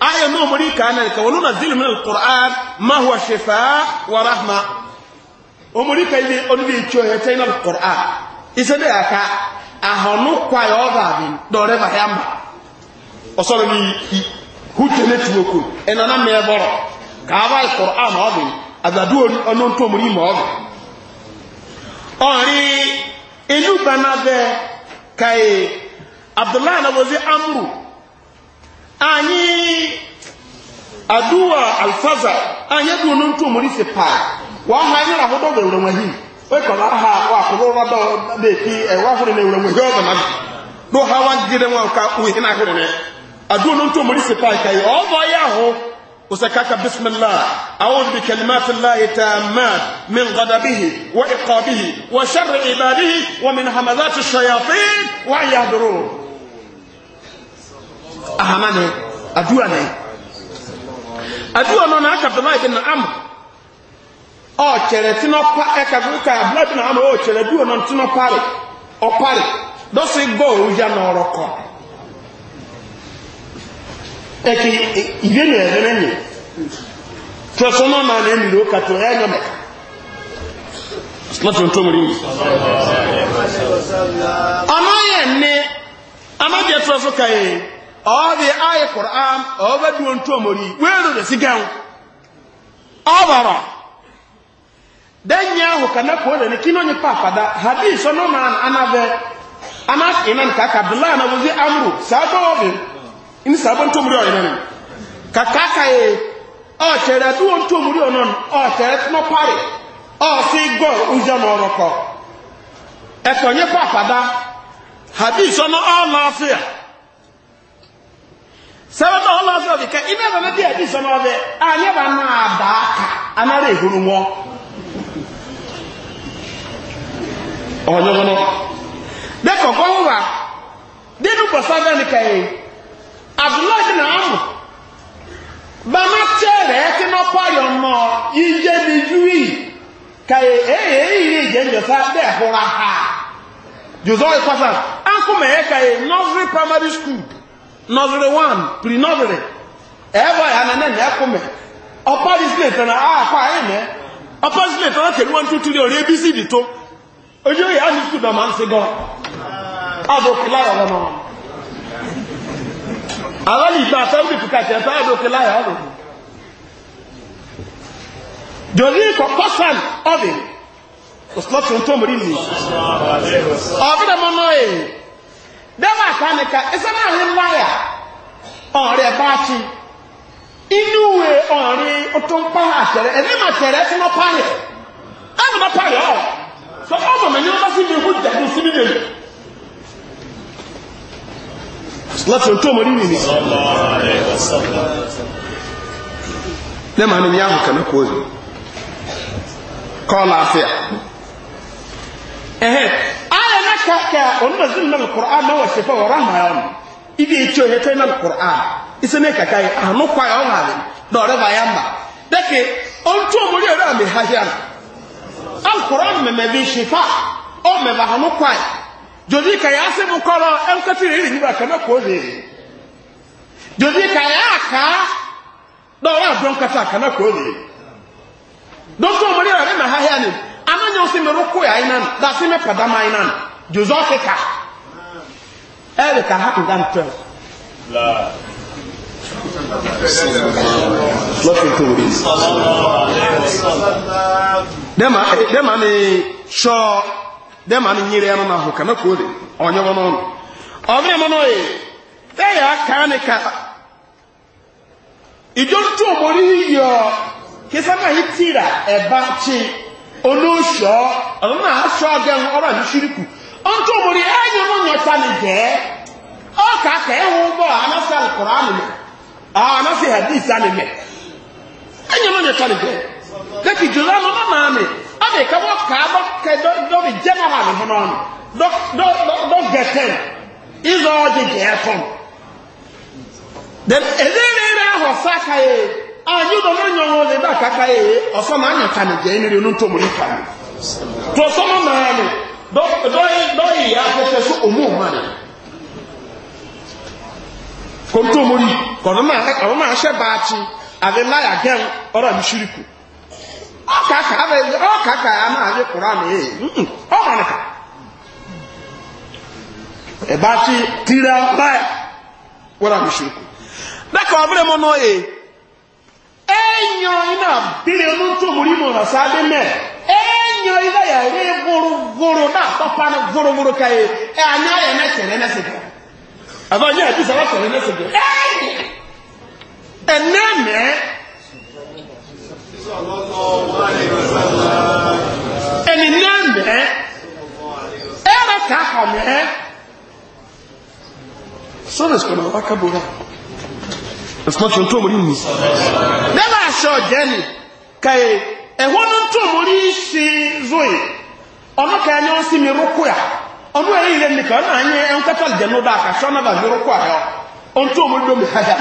aya no muri kana ka wonu nazil min alquran ma huwa shifa wa rahma omuri ka ile onu bi cho he tayin alquran isede aka ahonu kwa yo ba bi do re ba yamba osoro ni hutene oku ena na me boro ka ba alquran o bin azadu onu to muri mo o ori inu banabe kai abdullah na wozi amru anyi aduwa alfaza anyi adu no ntu omori se pa wa ha anyi ra hodo wura wahi o ko la ha wa ko ro ba de ti e wa hore ne wura wahi o ha wa gide wa ka u ina hore ne adu no ntu omori se pa kai o bo ya ho وسكاك بسم الله أعوذ بكلمات الله تامات من غضبه وإقابه وشر عباده ومن همذات الشياطين وأن يهدرون ahama ne aduane na aka abdullahi bin amr ɔkyerɛ tino pa ɛka so abdullahi bin na ɔrɔkɔ ɛki ibi na ɛdi na nye tɔso no na na emiri okato ɛnyɛ mɛka láti ohun tó mú rí mi. ọ̀nà ni amájẹ́ ọdị ayị kụran ọbaduo ntuomori weeru da sigan ọbara denye ahụ ka na kwere ne kino nyipa afada hadis ọnụ na anabe anas inan ka ka bila na wuzi amru sabo obi ini sabo ntuomori ọyị nani ka ka aka ye ọ chere duo ntuomori ọnụ ọ chere tụmọ pari ọ si gọ ụjọ na ọrọkọ ẹtọ nyipa afada hadis ọnụ ọ na afia sẹ́wọ́tọ̀ ọlọ́sọ̀ ọ̀dìkẹ́ iná ẹ̀bẹ̀ bí ẹ̀dí sọmọ ọbẹ̀ àyẹ̀bà náà dà á kà anára ìhuru wọn. ọ̀nyọ́gbọ́n dẹ́kọ̀ kọ́ wọ́n wà dénú pọ̀ sábẹ́ nìkà yìí abdullahi naamu bàmá tẹ̀rẹ̀ ẹ́ kí náà pààyọ̀ nọ yíyé mi yúwì kàyé èyí èyí ilé ìjẹ́njọ́sá bẹ́ẹ̀ hura ha jùzọ́ ìkọ́sà ánkùmẹ̀yẹ kàyé nursery primary school. nursery one pre nursery ẹ̀ẹ́bọ̀ ya na ní ẹkùn mẹ́ ọ̀pá display tẹ̀nà anyị ayé mẹ́ ọ̀pá display tẹ̀nà kẹ̀lú wọn tún tìrì orí abc dì tó ojú òye á ní sùkúl dọ̀ máa ń dem àkànìkà ẹsẹ́ náà rí wáyà ọ̀rẹ́ bá ti inú ìwé ọ̀rẹ́ tó ń pa àṣẹrẹ ẹni mà ṣẹrẹ tí wọ́n parí ẹ̀ ẹni mà parí ọ̀ sọ ọmọ mi lẹ́màá ni kọ́ ọ́ láàfíà. ehe aya na kaka onunazin na alquran na wa shefa wa rahma ya ibi echo he na alquran ise kaka yi anu kwa ya on do ba deke on tu omori ora me ha alquran me me bi o me ba anu ka ya se bu koro en ka ti ri ni ba ka na ko jodi ka ya ka do ra ka ta ka na ko amanya ose me roko ya inan da se me padama inan joseph ka ebe ka ha kudan twelve la lọ́fẹ́ tó ni ṣọ́ dẹ́mà ni nyere ẹnu na hùkà mẹ́kọ̀ọ́ rẹ̀ ọ̀nyẹ́wọ́ n'ọnù ọ̀bí ẹ̀mọ́ náà yẹ bẹ́ẹ̀ ká ní ká ìjọ́ tó mọ̀ ní yíyọ kí sábà yìí tìrà ẹ̀bá tí olóòṣọ́ ọ̀rọ̀ náà aṣọ agẹ́hùn ọ̀rọ̀ àti ṣíríkù ọ̀n tó mọ̀rí ẹ̀yìn mú yọta lè jẹ́ ọkà kẹ́hùn bọ̀ anásí alùkùrọ̀ àlùmẹ̀ anásí hadith àlùmẹ̀ ẹ̀yìn mú yọta lè jẹ́ lẹ́kì jùlọ lọ́nà náà mi ọ̀dẹ̀ kẹ́wọ́ kàábọ̀ kẹ́dọ̀rì jẹ́nàrà mi fún ọ́nà dọ́gẹ̀tẹ̀n ìzọ́ ọ̀dẹ̀ ayúdọ̀ náà yàn wọn lè bá kàkà èyí ọ̀sọ́ máa yàn jẹ́ nírí onú tó mú ní kàní tó sọ́mọ́ máa ní lọ́yì ìyá afẹ́fẹ́ sí òmú òmà ní kò tó mú máa ṣẹ́ bá a ti àbí láyà gẹ́m ọ̀rọ̀ mi ṣíríkù ọ̀kàkà máa ọ̀rọ̀ ti enyo ina bile no to muri mo na sabe me enyo ida ya re guru guru na papa na guru guru kai e. e anya ya na tere na se aba nya ti sawa tere na se ene me ene ne me era ka ha me Sones kono akabura ẹ̀sùn tí ó ń tó mọ̀rí nìí dẹ́bà aṣọ jẹ́ni kẹ́ẹ̀ ẹ̀họ́n ń tó mọ̀rí sí zoe ọmọ kẹ́ẹ̀ ni ó sì mi rúkú yà ọmọ ẹ̀rí ilẹ̀ nìkan náà ní ẹ̀ ń kẹ́tọ̀ jẹ́ ní ọdọ àkàṣọ náà bàbí rúkú àyọ ohun tó mọ̀rí lómi kájà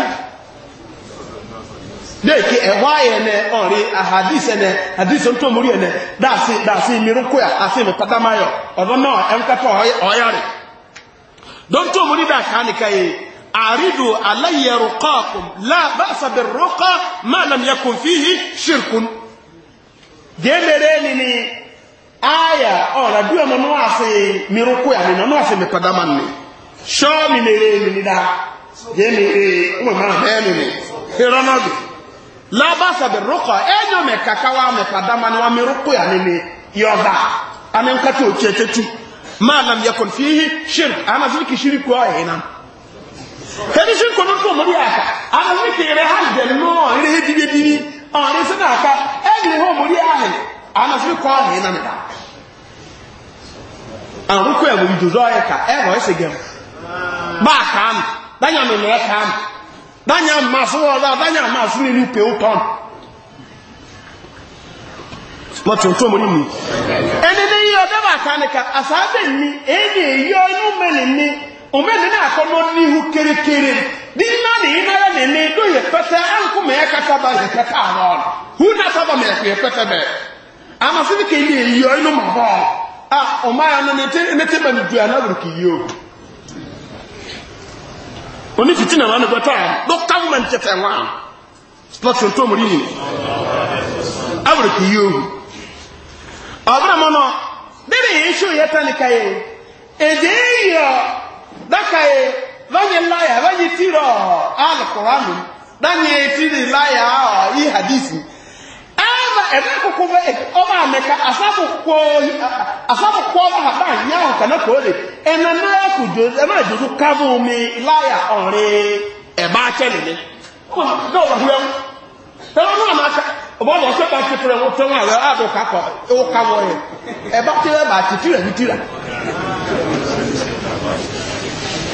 dẹ́ẹ̀kì ẹ̀họ́ ayẹ nẹ ọ̀rí àhàdìsẹ nẹ àdìsẹ ń tó mọ̀rí ẹ̀ nẹ dáàsì dáàsì mi rúkú yà àti mi pátámáyọ ọ̀dọ́ náà ẹ̀ ń kẹ́tọ̀ ọ̀yà rẹ̀ dọ́ntó mọ̀rí dà àrídù aláyẹ rùkọ́kùn lábáṣàbẹ̀ rọ́kọ́ máa nà yẹkùn fíhí ṣirkùn gẹ́gẹ́rẹ́ ni ni ayà ọ̀rọ̀ bí ọmọ náà sí mìírùkú àmì náà sí mi padà máa nì ṣọ́ọ̀mì mẹ́rẹ́ ni ni dá gẹ́gẹ́rẹ́ wọn máa bẹ́ẹ̀ ni ni ìrọ́nàdù lábáṣàbẹ̀ rọ́kọ́ ẹ̀yọ́ mẹ́ kàkáwá mi padà máa ni wọn mìírùkú àmì ni yọ̀ọ̀dà àmì nkàtí òkè tẹ́tù máa nà yẹkùn fíhí ṣirkùn àmà sí kì tẹbi sí nkonnú tó mọdí àká àwọn ha jẹ náà eré he dìde dìde ọ̀rẹ́ sí náà ká ẹ̀yìn hó mọdí àhìn àwọn fi kọ́ àhìn náà nìkan. àwọn kọ́ ẹ̀wọ̀ ìdòdó ọ̀yẹ ká ẹ̀wọ̀ ẹ̀sẹ̀ gẹ̀m báà kàá mi dányà mi mìíràn kàá mi dányà máa fún ọ̀dà dányà máa fún ìlú pé ó tọ́n. mọ̀tò tó mọdí mi. ẹni ní yíyọ dábàá kan omeni na-akọnọ n'ihu kerekere dị mma na ịnara na eme edo ya pete ankụ ma ya kacha ba ya pete arụ ọrụ hụ na saba ma ya kwe pete be amasị dị ka ịna eyi ọnụ ma bọ a ọma ya nọ n'ete ma n'idu ya n'abụrụ ka iyi o oni fiti na nwanne bata dọkịta nwụma ncheta nwa spọtụ otu mụrụ ihe? abụrụ ka iyi o ọ bụrụ m nọ dịrị ya esi oyi ya ya ezi eyi ya dakaye vanye laya vanye tiro alquranu danye tiri laya i hadisi aba ebe kokobe ọba ameka asabu ko ọba ko na ma jozu kavu mi laya ore e ba chele ni ko do wa huwa tẹ́lẹ̀ náà máa ká ọ̀bọ̀n lọ sẹ́pà ti fún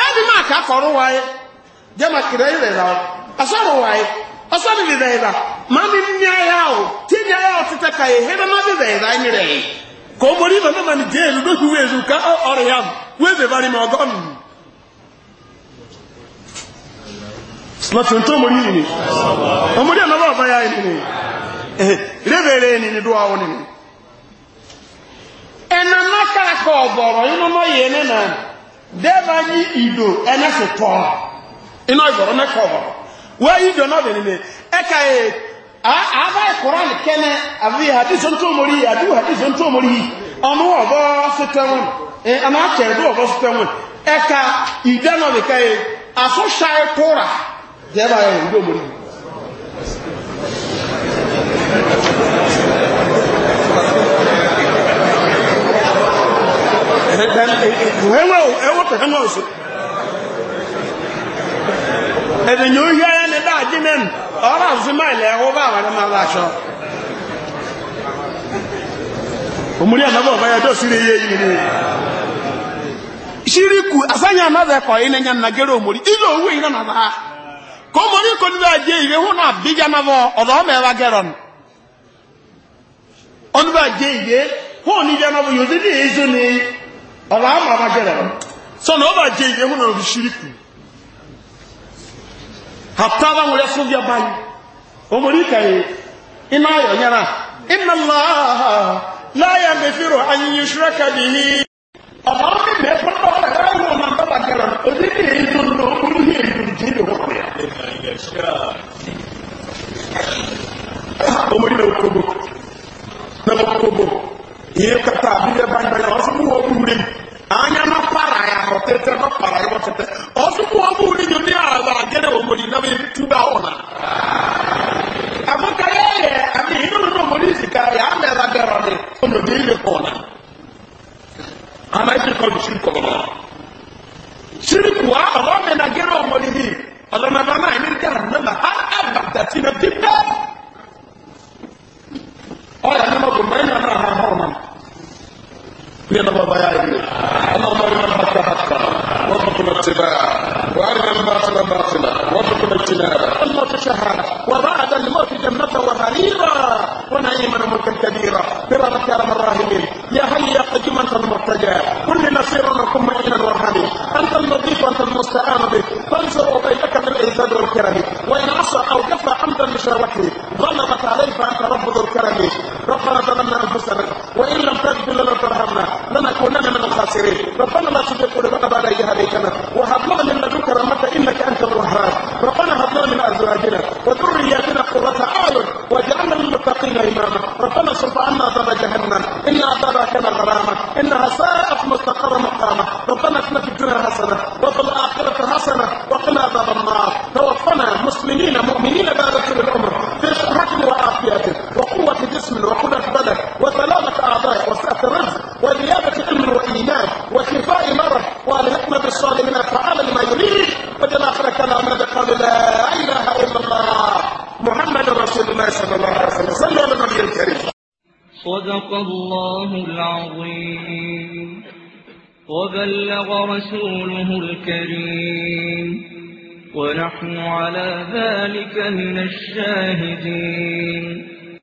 Ebi maka ka kɔrɔ waaye jɛma kira na rira o asɔrɔ waaye ɔsɔrɔ bi rira maami nyaya o ka ma bi rira yi rira ọ kòmori ma na ma ni jéelu lóhi wéelu ká ɔrɛ yam wéebe bari ma ɔgɔ nù. lọ́tí tó mọ̀ yìí ni ya yìí ni rẹ́bẹ̀rẹ̀ ni ni dúwà wọn ni ẹ̀nà náà kàkọ̀ ya dẹ́ẹ̀bà yí ìdò ẹnẹ́ sì tọ́ iná ìgbọ̀rọ̀ mẹ́kọ̀ ọ̀rọ̀ wọ́n yí ìdò náà bẹ̀rẹ̀ mi ẹ̀ka ẹ̀ àbá ìkùrán kẹ́nẹ́ àbí àdìsọ tó mọ̀rí àdìwò àdìsọ tó mọ̀rí ọmọ ọ̀bọ sọtẹ́wọ̀n ẹ̀ma kẹ̀rẹ̀dọ̀ ọ̀bọ sọtẹ́wọ̀n ẹ̀ka ìdánọ̀ nìka ẹ̀ àsọ̀ṣà ẹ̀kọ́ra dẹ́ẹ̀bà ẹ̀ ewepụrụ ha ọzọ ebinye ohi anya na ebe a dị ọrụ azụ maịlị ahụ ụba awara ma ala achọ omuri anaba ọba ya dọ ihe yiri shiriku asanya anaba ẹkọ yìí nẹnyẹ nnagẹrẹ omuri ilé owó yìí nànà ha kò omuri kò níbi àjẹ náà ọ̀rọ̀ àmà abájẹ́rẹ̀ rẹ̀ sọ́nà ọba jẹ́ ìyẹn hún ọ̀rọ̀ ṣíríkù hàtà báwọn yẹ fún bí ọba yìí omori kàyé iná ayọ̀ yẹra iná láàá láyà lè ṣúrẹ́kà bí i ọ̀rọ̀ mi bẹ́ẹ̀ fún ọba rẹ̀ láwọn ọmọ ọba gẹ̀rẹ̀ òdìdí èyí tó lọ orí ní èdè tí ó wọ́n rẹ̀ omori náà kóbó náà iye kata abiria banbanya ɔsopo wɔ buwuri anya ma para ya hɔ tɛtɛ ma para ya hɔ tɛtɛ ɔsopo wɔ buwuri nyo ne ala agɛrɛ wɔ mɔdi na mi tu ba hɔ na amaka yɛ yɛ ami inu no no mɔdi sika yɛ ama ɛla bɛrɛ ɔdi ɔno de ile kɔ na ama esi kɔ bisi kɔ na siriku a ɔlɔ na gɛrɛ wɔ mɔdi ni ɔlɔmɔ bama yi ni gɛrɛ ma ha abata na ti pɛ ɔyɛ ne ضيائنا اللهم ارنا الحق حقا وارزقنا اتباعه وارنا الباطل باطلا وارزقنا اجتنابه الموت شهادة وبعد الموت جنة وحريرة ونعيما وملكا كبيرا بربك يا رب الراحمين يا حي يا قديم انت المرتجى كل نصير لكم معينا وارحمي انت المضيف وانت المستعان به فانزل بينك بالعزاد والكرم وان عصى او كفى حمدا لشهوته غلبت عليه فانت رب ذو الكرم ربنا ظلمنا انفسنا واجعلنا من الخاسرين ربنا لا تزغ قلوبنا بعد إذ هديتنا وهب لنا من لدنك رحمة إنك أنت الوهاب ربنا هب لنا من أزواجنا وذرياتنا قرة أعين واجعلنا للمتقين إماما ربنا صرف عنا عذاب جهنم إن عذابها كان غراما إنها ساءت